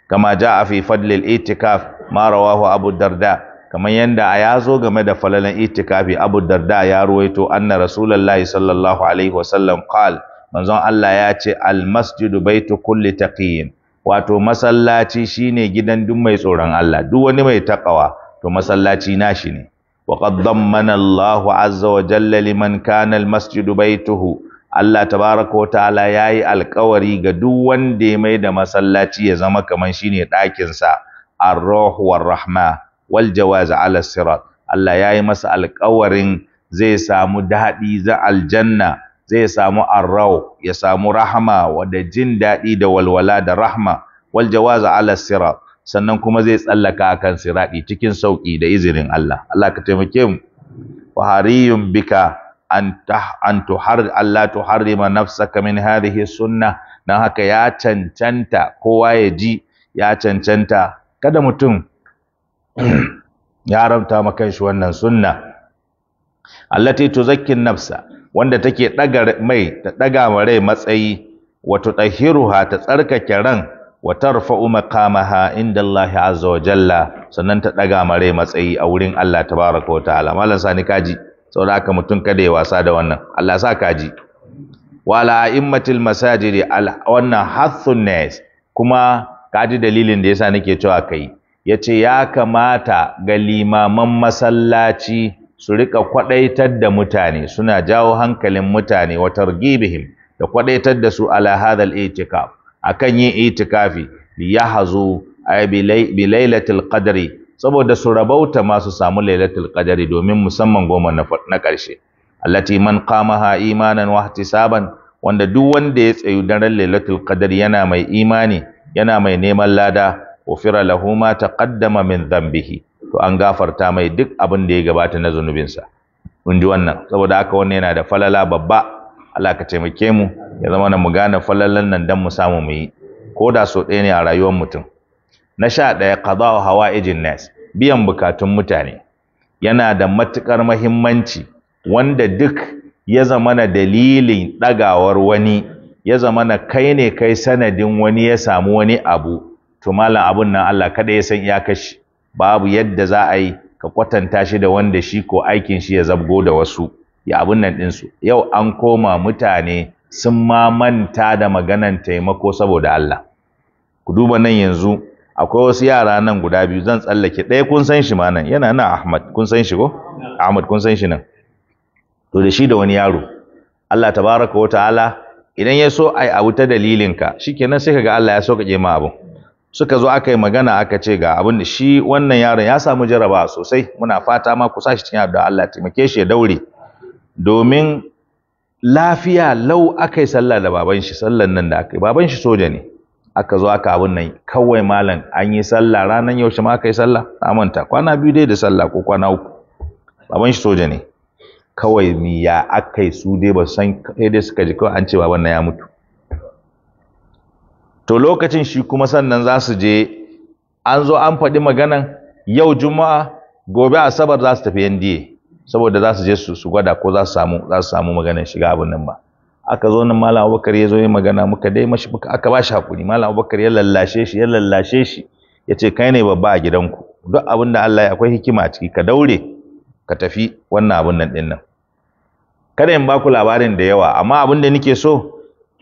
kama ja'a fi fadlil itikaf ma rawahu abu darda kamar yadda ya zo game da falalan itikafi Abu Darda ya ruwaito anna Rasulullahi sallallahu alaihi wasallam qal manzon Allah ya ce al masjidu baitu kulli taqiyin wato masallaci shine gidan duk mai tsoron Allah duk wani mai takawa to masallaci nashi ne wa qad dammana Allahu azza wa jalla liman kana al masjidu baituhu Allah tabaraka wa ta'ala yayi alkawari ga duk wanda ya mai da masallaci ya zama kaman shine ɗakin sa ar-ruh rahma wal jawaz ala sirat Allah ya yi masa alƙawarin zai samu daɗi za aljanna zai samu arrau ya samu rahma wada jin daɗi da walwala da rahma wal jawaz ala sirat sannan kuma zai tsallaka akan sirati cikin sauki da izinin Allah Allah ka taimake mu wa hariyun bika an ta an tuhar Allah tuharrima nafsaka min hadhihi sunnah dan haka ya cancanta kowa ya ji ya cancanta kada mutum ya haramta ma kanshi wannan sunna allati tuzakki nafsa wanda take daga mai ta daga rai matsayi wa tudahiruha ta tsarkake ran wa tarfa'u maqamaha inda Allah azza wa jalla sannan ta daga mare matsayi a wurin Allah tabaraka wa ta'ala mallan sani kaji saboda haka mutum kada ya wasa da wannan Allah sa kaji wala immatil masajidi wannan hathun nas kuma kaji dalilin da yasa nake cewa kai ya ce ya kamata ga limaman masallaci su riƙa kwaɗaitar da mutane suna jawo hankalin mutane wa targibihim da kwaɗaitar da su ala hadal itikaf akan yin itikafi li yahzu ay bi lailatul qadri saboda su rabauta ma su samu lailatul qadri domin musamman goma na ƙarshe allati man qamaha imanan wa ihtisaban wanda duk wanda ya tsayu daren lailatul qadri yana mai imani yana mai neman lada ghufira lahu ma taqaddama min dhanbihi to an gafarta mai duk abin da ya gabata na zunubinsa mun ji wannan saboda haka wannan yana da falala babba Allah ka taimake mu ya zama na mu gane falalan nan dan mu samu mu yi ko da so ɗaya ne a rayuwar mutum na sha ɗaya qada'u hawa'ijin nas biyan bukatun mutane yana da matukar mahimmanci wanda duk ya zama na dalilin ɗagawar wani ya zama na kai ne kai sanadin wani ya samu wani abu to malam abun nan Allah kada ya san ya kashi babu yadda za a yi ka kwatanta shi da wanda shi ko aikin shi ya zabgo da wasu ya abun nan din su. yau an koma mutane sun ma manta da maganan taimako saboda Allah ku duba nan yanzu akwai wasu yara nan guda biyu zan tsallake ɗaya kun san shi ma nan yana nan Ahmad kun san shi ko Ahmad kun san shi nan to da shi da wani yaro Allah tabaraka wa ta'ala idan ya so ai abu ta dalilinka shikenan sai kaga Allah ya so ka je ma abun suka zo aka yi magana aka ce ga abin da shi wannan yaron ya samu jaraba sosai muna fata ma ku sashi cikin da Allah taimake shi ya daure domin lafiya lau aka yi sallah da baban shi sallan nan da aka yi baban shi soja ne aka zo aka abin nan kawai malam an yi sallah ranan yaushe ma aka yi sallah na manta kwana biyu dai da sallah ko kwana uku baban shi soja ne kawai mi ya aka yi su dai ba san kai dai suka ji kawai an ce baban nan ya mutu to lokacin shi kuma sannan za su je an zo an faɗi maganan yau juma'a gobe asabar za su tafi NDA saboda za su je su gwada ko za su samu maganan shiga abin nan ba aka zo nan malam abubakar ya zo yi magana muka dai mashi muka aka ba shi hakuri malam abubakar ya lallashe shi ya lallashe shi ya ce kai ne babba a gidanku duk abin da Allah ya akwai hikima a ciki ka daure ka tafi wannan abin nan ɗin nan kada in ba ku labarin da yawa amma abin da nike so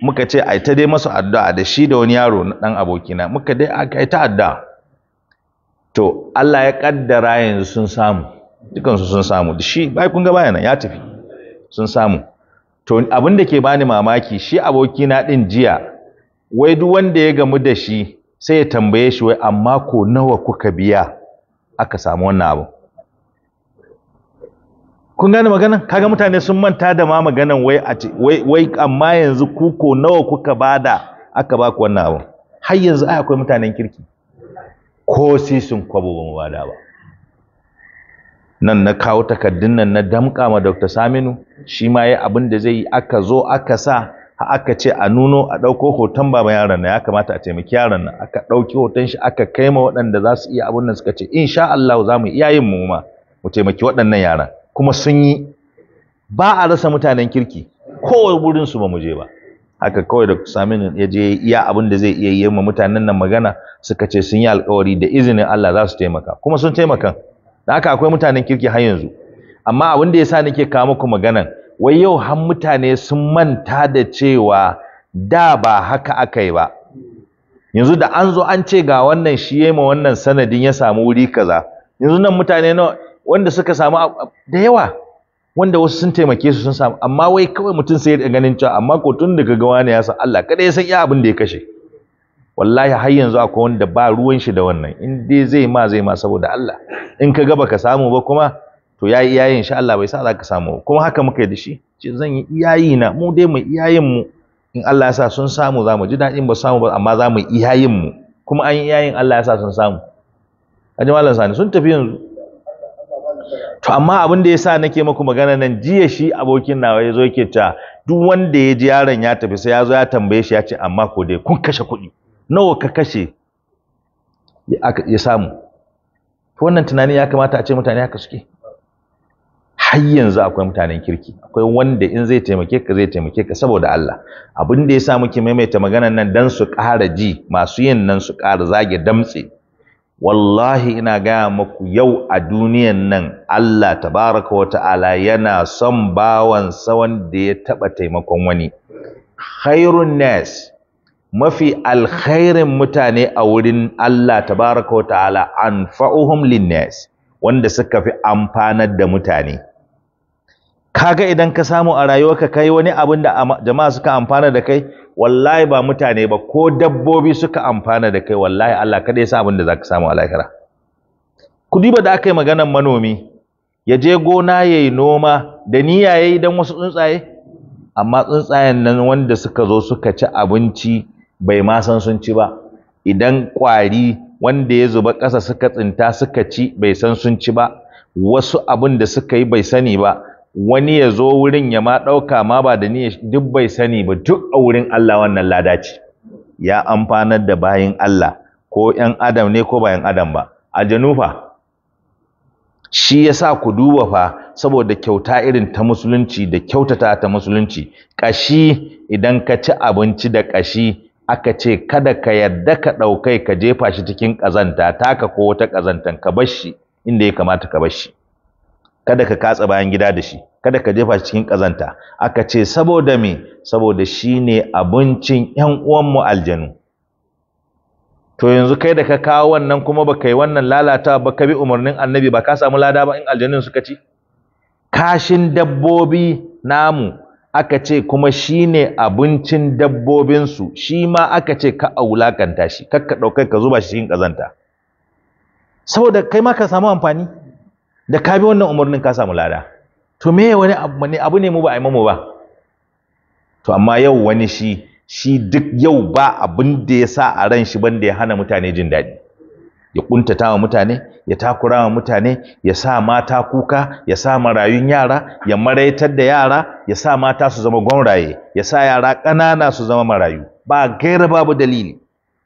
muka ce ai ta dai masu addu'a da shi da wani yaro na dan abokina muka dai ai ta addu'a to Allah ya kaddara yanzu sun samu dukansu sun samu da shi bai kun ga bayana ya tafi sun samu to abin da ke bani mamaki shi abokina din jiya wai duk wanda ya gamu da shi sai ya tambaye shi wai amma ko nawa kuka biya aka samu wannan abu kun gane maganan kaga mutane sun manta da ma maganan wai a wai amma yanzu ku ko nawa kuka bada aka ba ku wannan abun har yanzu ai akwai mutanen kirki ko sai sun kwabo ba mu bada ba nan na kawo takardun nan na damƙa ma Dr. Saminu shi ma yayi abin da zai yi aka zo aka sa aka ce a nuno a ɗauko hoton baba yaron nan ya kamata a taimaki yaron nan aka ɗauki hoton shi aka kai ma waɗanda za su iya abin nan suka ce insha Allah za mu iya yin mu ma mu taimaki waɗannan yaran kuma sun yi ba a rasa mutanen kirki kowai wurinsu ba mu je ba haka kawai da Saminu ya je iya abin da zai iya yi ma mutanen nan magana suka ce sun yi alkawari da izinin Allah za su taimaka kuma sun taimaka da haka akwai mutanen kirki har yanzu amma abin da yasa nake kawo muku maganan wai yau har mutane sun manta da cewa da ba haka aka yi ba yanzu da an zo an ce ga wannan shi ya ma wannan sanadin ya samu wuri kaza yanzu nan mutane nawa wanda suka samu da yawa wanda wasu sun taimake su sun samu amma wai kawai mutum sai ya ganin cewa amma ko tun daga gawa ne ya san Allah kada ya san iya abin da ya kashe wallahi har yanzu akwai wanda ba ruwan shi da wannan in dai zai ma zai ma saboda Allah in ka ga baka samu ba kuma to yayi iyayen insha Allah bai sa za ka samu kuma haka muka yi da shi ce zan yi iyayi na mu dai mu iyayen mu in Allah ya sa sun samu za mu ji daɗin ba samu ba amma za mu iyayen mu kuma an yi iyayen Allah ya sa sun samu kaji malam sani sun tafi yanzu to amma abin da yasa nake muku magana nan jiya shi abokin nawa yazo yake ta duk wanda ya ji yaron ya tafi sai yazo ya tambaye shi ya ce amma ko dai kun kashe kuɗi nawa ka kashe ya samu to wannan tunani ya kamata a ce mutane haka suke har yanzu akwai mutanen kirki akwai wanda in zai taimake ka zai taimake ka saboda Allah abin da yasa muke maimaita maganar nan dan su ƙara ji masu yin nan su ƙara zage damtse wallahi ina gaya muku yau a duniyan nan Allah tabaraka wa ta'ala yana son bawan sawan da ya taɓa taimakon wani khairun nas mafi alkhairin mutane a wurin Allah tabaraka wa ta'ala anfa'uhum wanda suka fi amfanar da mutane kaga idan ka samu a ka kai wani abin da jama'a suka amfana da kai wallahi ba mutane ba ko dabbobi suka amfana da kai wallahi Allah kada ya sa abin da zaka samu a lahira ku duba da aka yi maganar manomi ya je gona yayi noma da niyya yayi dan wasu tsuntsaye amma tsuntsayen nan wanda suka zo suka ci abinci bai ma san sun ci ba idan kwari wanda ya zuba ƙasa suka tsinta suka ci bai san sun ci ba wasu abin da suka yi bai sani ba wani ya zo wurin ya ma ɗauka ma ba da niyya duk bai sani ba duk a wurin Allah wannan lada ce ya amfanar da bayan Allah ko ‘yan adam ne ko bayan adam ba a janufa shi ya sa ku duba fa saboda kyauta irin ta musulunci da kyautata ta musulunci ƙashi idan ka ci abinci da ƙashi aka ce kada ka yarda ka ɗaukai ka jefa shi cikin ƙazanta taka ko wata ƙazantan ka bar inda ya kamata ka bar kada ka katsa bayan gida da shi kada ka jefa shi cikin kazanta aka ce saboda me saboda shine abincin uwan mu aljanu to yanzu kai da ka kawo wannan kuma baka yi wannan lalata ba ka bi umarnin annabi ba ka samu lada ba in aljanun suka ci kashin dabbobi namu aka ce kuma shine abincin dabbobinsu shi ma aka ce ka a shi kakka ɗaukai ka zuba shi cikin ƙazanta saboda kai ma ka samu amfani da ka bi wannan umarnin ka samu lada to me wani abu ne mu ba a yi mamu ba to amma yau wani shi shi duk yau ba abin da ya sa a ran shi banda ya hana mutane jin daɗi ya kuntata wa mutane ya takura wa mutane ya sa mata kuka ya sa marayun yara ya maraitar da yara ya sa mata su zama gwamraye ya sa yara ƙanana su zama marayu ba gaira babu dalili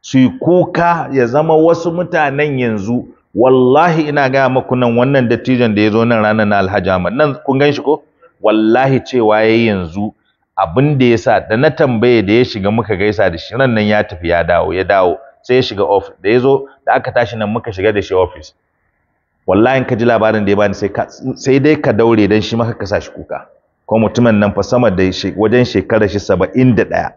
su yi kuka ya zama wasu mutanen yanzu wallahi ina gaya maku nan wannan dattijon da ya zo nan ranar na alhaji Ahmad nan kun gan ko wallahi cewa yayi yanzu abin da ya sa da na tambaye da ya shiga muka gaisa da shi ran nan ya tafi ya dawo ya dawo sai ya shiga office da ya zo da aka tashi nan muka shiga da shi office wallahi in ka ji labarin da ya bani sai sai dai ka daure dan shi maka ka sashi kuka ko mutumin nan fa sama da wajen shekarar shi 71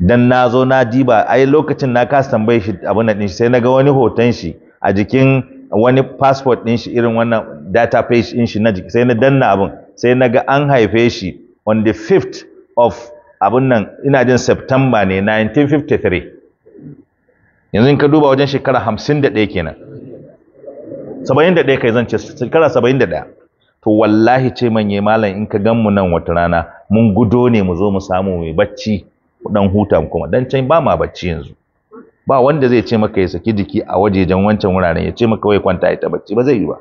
dan na zo na diba ai lokacin na kasa tambaye shi abin nan sai na ga wani hoton shi a jikin wani passport ɗin shi irin wannan data page ɗin shi na jiki sai na danna abin sai na ga an haife shi on the 5th of abin nan ina jin September ne 1953 yanzu in ka duba wajen shekara 51 kenan 71 kai zan ce shekara 71 to wallahi ce manye malam in ka gan mu nan wata rana mun gudo ne mu zo mu samu mai bacci dan huta kuma dan can ba ma bacci yanzu ba wanda zai ce maka ya saki jiki a wajejen wancan wuraren ya ce maka wai kwanta ta bacci ba zai yi ba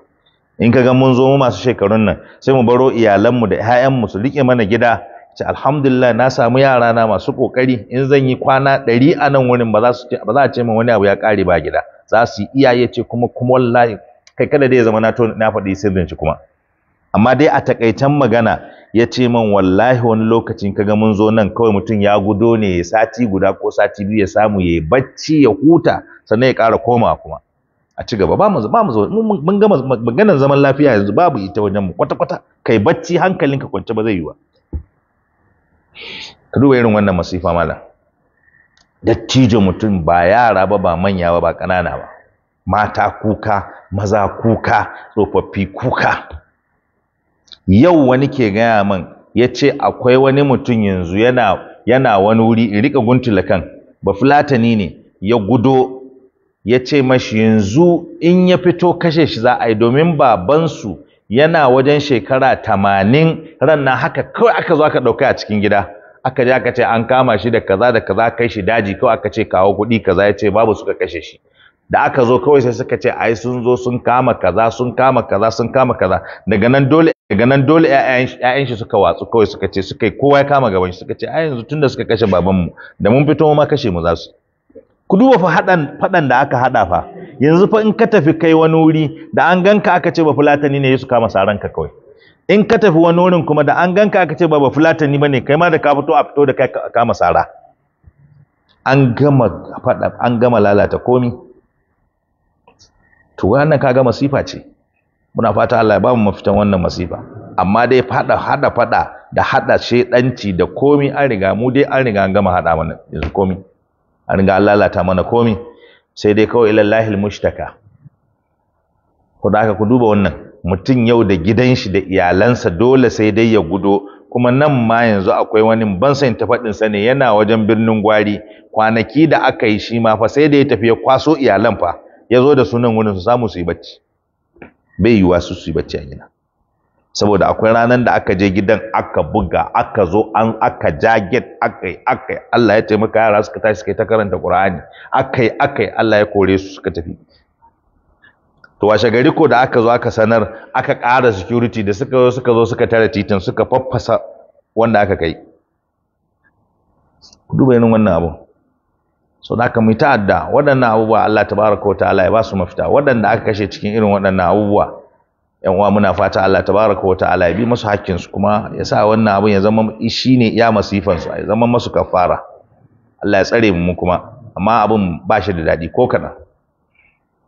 in ka ga mun zo mu masu shekarun nan sai mu baro iyalanmu da mu su rike mana gida ce alhamdulillah na samu yara na masu kokari in zan yi kwana ɗari a nan wurin ba za su ba za a ce min wani abu ya kare ba gida za su yi iyaye ce kuma kuma wallahi kai kada dai ya zama na na faɗi sirrin shi kuma amma dai a takaitan magana ya ce man wallahi wani lokacin kaga mun zo nan kawai mutum ya gudo ne ya sati guda ko sati biyu ya samu ya bacci ya huta sannan ya ƙara koma kuma a ci gaba ba mu ba mu mun gama maganar zaman lafiya yanzu babu ita wajen mu kwata kwata kai bacci hankalinka kwance ba zai yi wa. ka duba irin wannan masifa malam dattijo mutum ba yara ba ba manya ba ba kanana ba mata kuka maza kuka tsofaffi kuka yau wani ke gaya man ya ce akwai wani mutum yanzu yana wani wuri in rika guntula kan ba fulatani ne ya gudo ya ce mashi yanzu in ya fito kashe shi za a yi domin babansu yana wajen shekara tamanin ran nan haka kawai aka zo aka ɗauka a cikin gida aka je aka ce an kama shi da kaza da kaza kai shi daji kawai aka ce kawo kuɗi kaza ya ce babu suka kashe shi da aka zo kawai sai suka ce ai sun zo sun kama kaza sun kama kaza sun kama kaza daga nan dole daga nan dole ƴaƴan shi suka watsu kawai suka ce suka kowa ya kama gaban shi suka ce ai yanzu tunda suka kashe baban mu, da mun fito ma kashe mu za su ku duba fa hadan fadan da aka hada fa yanzu fa in ka tafi kai wani wuri da an ganka aka ce ba fulatani ne su kama saranka kawai in ka tafi wani wurin kuma da an ganka aka ce ba ba fulatani bane kai ma da ka fito a fito da kai kama sara an gama fada an gama lalata komi to wannan kaga masifa ce muna fata Allah ya bamu mafitan wannan masifa amma dai fada hada fada da hada shedanci da komi an riga mu dai an riga an gama hada mana yanzu komi an riga an lalata mana komi sai dai kawai ilallahi mushtaka ku da ku duba wannan mutum yau da gidan shi da iyalansa dole sai dai ya gudo kuma nan ma yanzu akwai wani ban san ta fadin sa ne yana wajen birnin gwari kwanaki da aka yi shi ma fa sai da ya tafi ya kwaso iyalan fa ya zo da sunan wurin su samu su yi bacci bai yi su su yi bacci a gida saboda akwai ranar da aka je gidan aka buga aka zo an aka ja get aka yi aka yi Allah ya taimaka yara suka tashi suka yi ta karanta Qur'ani aka yi aka yi Allah ya kore su suka tafi to washe gari ko da aka zo aka sanar aka ƙara security da suka zo suka zo suka tare titin suka faffasa wanda aka kai Ku duba irin wannan abu so da aka mai ta'adda waɗannan abubuwa Allah tabaraka ta'ala ya ba su mafita waɗanda aka kashe cikin irin waɗannan abubuwa yan uwa muna fata Allah tabaraka ta'ala ya bi musu hakkin su kuma ya sa wannan abun ya zama shi ne ya masifan su ya zama musu kafara Allah ya tsare mu kuma amma abun ba shi da daɗi ko kana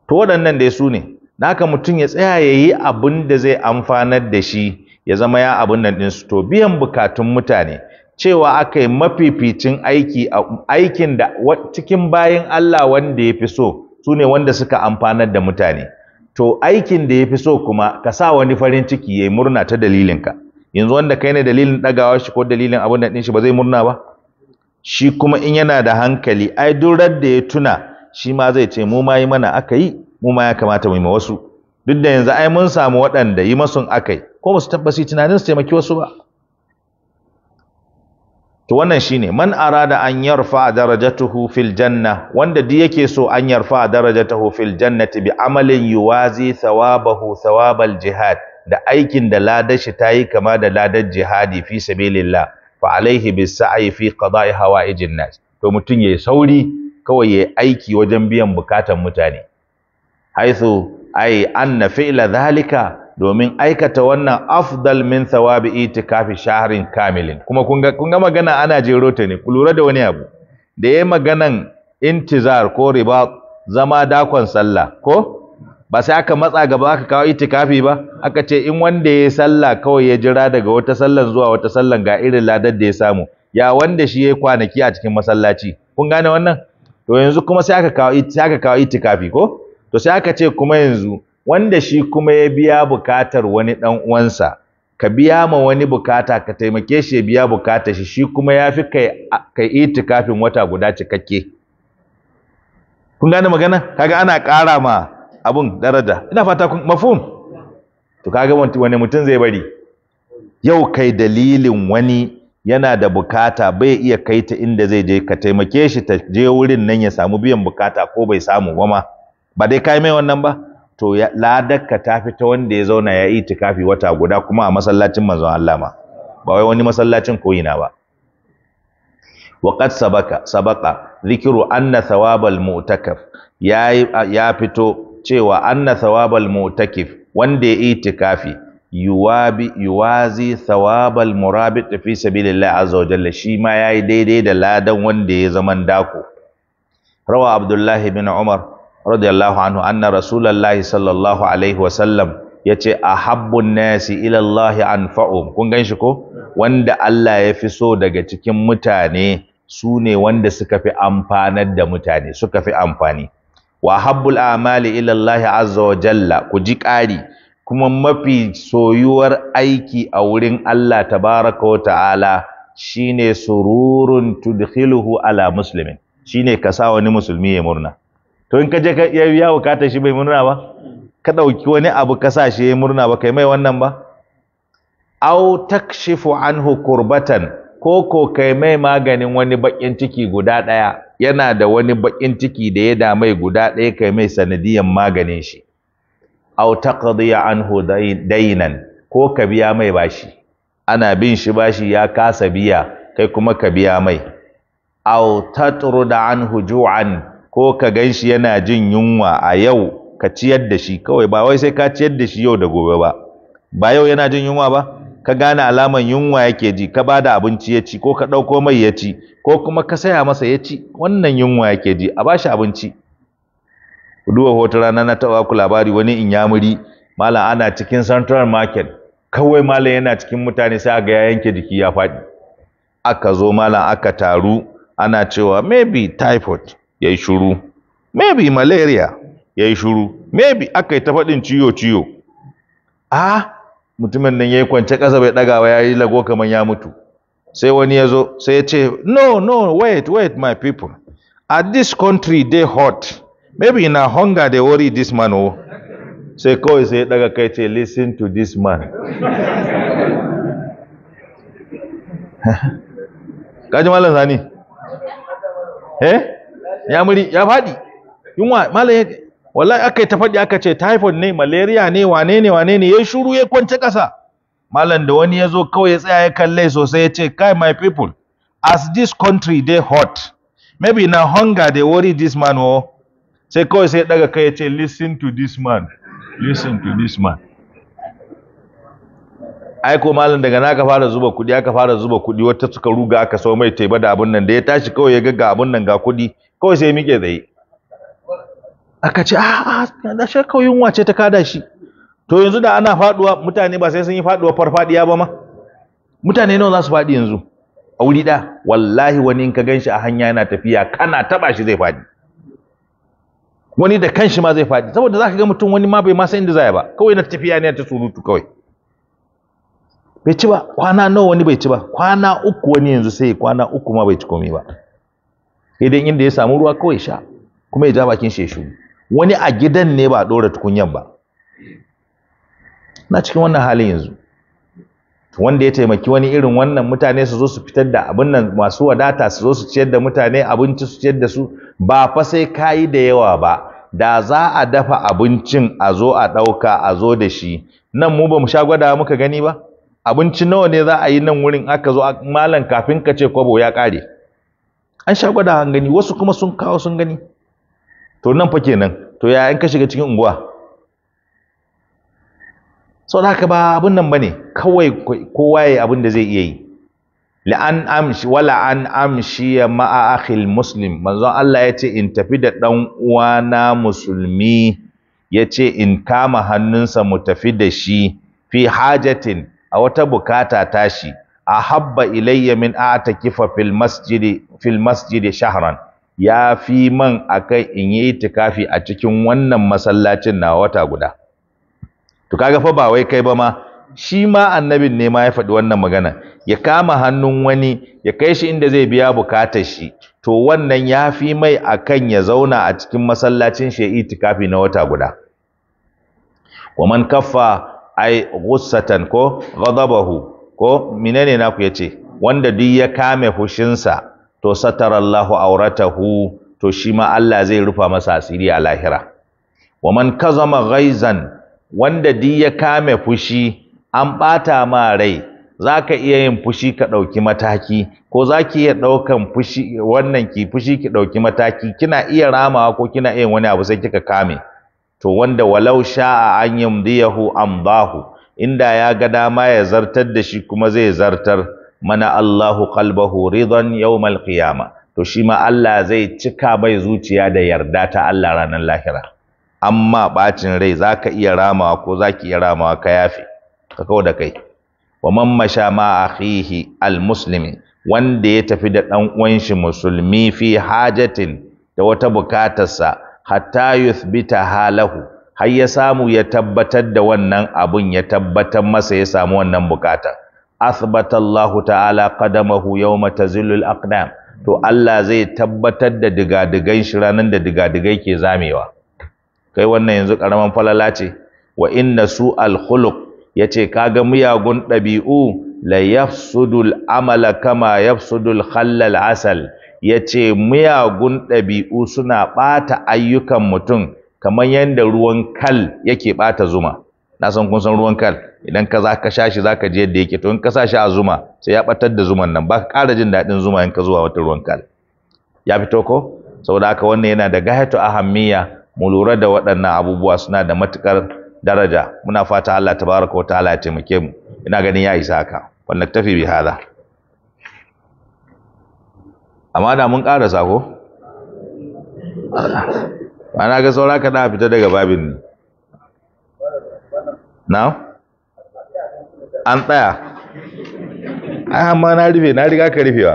to waɗannan dai su ne naka mutum ya tsaya ya yi abun da zai amfanar da shi ya zama ya abin nan ɗinsu to biyan bukatun mutane cewa aka yi mafificin aiki a aikin da cikin bayan Allah wanda ya fi so su ne wanda suka amfanar da mutane to aikin da ya fi so kuma ka sa wani farin ciki ya yi murna ta dalilinka yanzu wanda kai ne dalilin ɗagawa shi ko dalilin abin da ɗin shi ba zai murna ba shi kuma in yana da hankali ai durar da ya tuna shi ma zai ce mu ma yi mana aka yi mu ma ya kamata mu yi ma wasu duk da yanzu ai mun samu waɗanda yi masun aka yi ko ba su tabbasi tunanin su taimaki wasu ba to wannan shine man arada an yarfa darajatuhu fil janna wanda duk yake so an yarfa darajatuhu fil jannati bi amalin yuwazi thawabahu thawabal jihad da aikin da ladar shi tayi kama da ladar jihadi fi sabilillah fa alaihi bis sa'i fi qada'i hawaijin nas to mutun yayi sauri kawai yayi aiki wajen biyan bukatan mutane haithu ai anna fi'la dhalika domin aikata wannan afdal min thawabi itikafi shahrin kamilin kuma kun ga magana ana jero ta ne ku lura da wani abu da yayi maganan intizar ko ribat zama dakon sallah ko ba sai aka matsa gaba aka kawo itikafi ba aka ce in wanda ya sallah kawai ya jira daga wata sallan zuwa wata sallan ga irin ladar da ya samu ya wanda shi ya kwanaki a cikin masallaci kun gane wannan to yanzu kuma sai aka kawo sai aka kawo itikafi ko to sai aka ce kuma yanzu wanda shi kuma ya biya bukatar wani ɗan uwansa ka biya ma wani bukata ka taimake shi ya biya bukatar shi shi kuma ya fi kai itikafin wata guda cikakke kun gane magana kaga ana ƙara ma abun daraja ina fata kun mafhum to kaga wani mutum zai bari yau kai dalilin wani yana da bukata bai iya kai ta inda zai je ka taimake shi ta je wurin nan ya samu biyan bukata ko bai samu ba ma ba dai kai mai wannan ba to ladakka ta fita wanda ya zauna ya yi tikafi wata guda kuma a masallacin manzon Allah ma ba wai wani masallacin koyina ba wa qad sabaka sabaqa dhikru anna thawabal mu'takaf ya ya fito cewa anna thawabal mu'takif wanda ya yi tikafi yuwabi yuwazi thawabal murabit fi sabilillah azza wa jalla shi ma yayi daidai da ladan wanda ya zaman dako rawa abdullahi bin umar radiyallahu anhu anna rasulullahi sallallahu alaihi wasallam yace ahabbun nasi ila Allah anfa'um kun ganshi ko wanda Allah ya fi so daga cikin mutane su ne wanda suka fi amfanar da mutane suka fi amfani wa habbul amali ilallahi Allah jalla ku ji ƙari kuma mafi soyuwar aiki a wurin Allah tabaraka wa ta'ala shine sururun tudkhiluhu ala muslimin shine ka wani musulmi ya murna to in ka je ka ya bukata shi bai murna ba ka ɗauki wani abu ka sa shi ya murna ba kai mai wannan ba aw takshifu anhu kurbatan ko ko kai mai maganin wani bakin ciki guda ɗaya yana da wani bakin ciki da ya damai guda ɗaya kai mai sanadiyan maganin shi aw taqdi anhu daynan ko ka biya mai bashi ana bin shi bashi ya kasa biya kai kuma ka biya mai aw tatruda anhu ju'an ko ka gan shi yana jin yunwa a yau ka ciyar da shi kawai ba wai sai ka ciyar da shi yau da gobe ba ba yau yana jin yunwa ba ka gane alaman yunwa yake ji ka ba da abinci ya ci ko ka ɗauko mai ya ci ko kuma ka saya masa ya ci wannan yunwa yake ji a bashi abinci duba hoto rana na taɓa ku labari wani inyamuri malam ana cikin central market kawai malam yana cikin mutane sai ga ya yanke jiki ya faɗi aka zo malam aka taru ana cewa maybe typhoid ya yi shuru maybe malaria ya yi shuru maybe aka yi ta faɗin ciyo-ciyo a mutumin nan ya yi kwance ƙasa bai ɗagawa ya yi lago kamar ya mutu sai wani ya zo sai ya ce no no wait wait my people at this country dey hot maybe na hunger dey worry this man o oh. sai kawai sai ya ɗaga kai ce listen to this man <laughs> kaji malam zani eh ya muri ya faɗi yunwa malam ya wallahi aka yi ta faɗi aka ce typhoid ne malaria ne wane ne wane ne ya shuru ya kwance ƙasa malam da wani ya zo kawai ya tsaya ya kalle sosai ya ce kai my people as this country dey hot maybe na hunger dey worry this man o oh. sai kawai sai daga kai ya ce listen to this man listen to this man ai ko malam daga naka fara zuba kudi aka fara zuba kudi wata suka ruga aka so mai taiba da abun nan da ya tashi kawai ya ga ga abun nan ga kudi kawai sai miƙe yi. aka ce a a da shi kawai yunwa ce ta kada shi to yanzu da ana faduwa mutane ba sai sun yi faduwa farfadiya ba ma mutane nawa za su fadi yanzu a wuri da wallahi wani in ka ganshi a hanya yana tafiya kana taba shi zai fadi wani da kanshi ma zai fadi saboda za ka ga mutum wani ma bai ma san inda zai ba kawai na tafiya ne ta surutu kawai bai ci ba kwana nawa wani bai ci ba kwana uku wani yanzu sai kwana uku ma bai ci komai ba idan inda ya samu ruwa kawai sha kuma ya ja bakin shi wani a gidan ne ba dora tukunyan ba na cikin wannan halin yanzu wanda ya taimaki wani irin wannan mutane su zo su fitar da abin nan masu wadata su zo su ciyar da mutane abinci su ciyar da su ba fa sai kayi da yawa ba da za a dafa abincin a zo a ɗauka a zo da shi nan mu ba mu sha gwada muka gani ba abinci nawa ne za a yi nan wurin aka zo malam kafin ka ce kwabo ya ƙare an sha gwada an gani wasu kuma sun kawo sun gani to nan fa kenan to ya in ka shiga cikin unguwa sau da haka ba abin nan bane kawai kowa ya abin da zai iya yi wala an amshi ma'a akhil muslim manzon Allah ya ce in tafi da dan uwana musulmi ya ce in kama hannunsa mu tafi da shi fi hajatin a wata bukata tashi ahabba ilayya min atakifa fil masjidi fil masjidi shahran ya fi man akai in yi itikafi a cikin wannan masallacin na wata guda to kaga fa ba wai kai ba ma shi ma annabin ne ma ya faɗi wannan magana ya kama hannun wani ya kai shi inda zai biya bukatar shi to wannan ya fi mai akan ya zauna a cikin masallacin shi itikafi na wata guda wa man kaffa ay ghussatan ko ghadabahu ko menene naku yace wanda duk ya kame fushinsa to satarallahu auratahu to shi ma Allah zai rufa masa asiri a lahira wa man kazama ghaizan wanda duk ya kame fushi an bata ma rai zaka iya yin fushi ka dauki mataki ko zaki iya daukan fushi wannan ki fushi ki dauki mataki kina iya ramawa ko kina iya wani abu sai kika kame to wanda walau sha'a an yamdiyahu bahu. inda ya ga dama ya zartar da shi kuma zai zartar mana Allahu qalbahu ridan yawmal qiyama to shi ma Allah zai cika bai zuciya da yarda ta Allah ranar lahira amma bacin rai zaka iya ramawa ko zaki iya ramawa ka yafi ka kawo da kai wa man masha ma akhihi almuslimi wanda ya tafi da dan uwan shi musulmi fi hajatin da wata bukatarsa hatta yuthbita halahu har ya samu ya tabbatar da wannan abun ya tabbatar masa ya samu wannan bukata asbata Allah ta'ala qadamahu yawma tazillu al-aqdam to Allah zai tabbatar da digadigan shi ranan da digadigai ke zamewa kai wannan yanzu karaman falala ce wa inna su'al khuluq yace kaga miyagun dabi'u la yafsudul amala kama yafsudul khallal asal yace miyagun dabi'u suna bata ayyukan mutum kamar yadda ruwan kal yake ɓata zuma na san kun san ruwan kal idan ka za ka sha shi za ka je yadda yake to in ka sa shi a zuma sai ya batar da zuman nan ba ka ƙara jin daɗin zuma in ka zuwa wata ruwan kal ya fito ko saboda haka wannan yana da gahatu ahammiya mu lura da waɗannan abubuwa suna da matukar daraja muna fata Allah tabaraka wa ta'ala ya taimake mu ina ganin ya isa haka wannan tafi bi hada amma da mun ƙara sako ana ga saura ka da fita daga babin na an tsaya ai amma na rufe na riga ka rufewa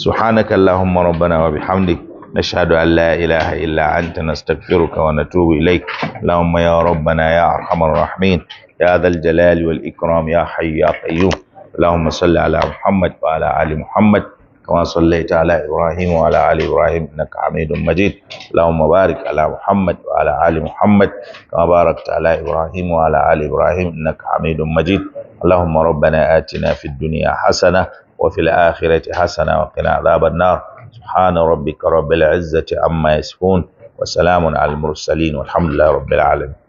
subhanaka allahumma rabbana wa bihamdik نشهد أن لا إله إلا أنت نستغفرك ونتوب إليك اللهم يا ربنا يا أرحم الراحمين يا ذا الجلال والإكرام يا حي يا قيوم اللهم صل على محمد وعلى آل محمد كما صليت على إبراهيم وعلى آل إبراهيم إنك حميد مجيد اللهم بارك على محمد وعلى آل محمد كما باركت على إبراهيم وعلى آل إبراهيم إنك حميد مجيد اللهم ربنا آتنا في الدنيا حسنة وفي الآخرة حسنة وقنا عذاب النار سبحان ربك رب العزة عما يصفون وسلام على المرسلين والحمد لله رب العالمين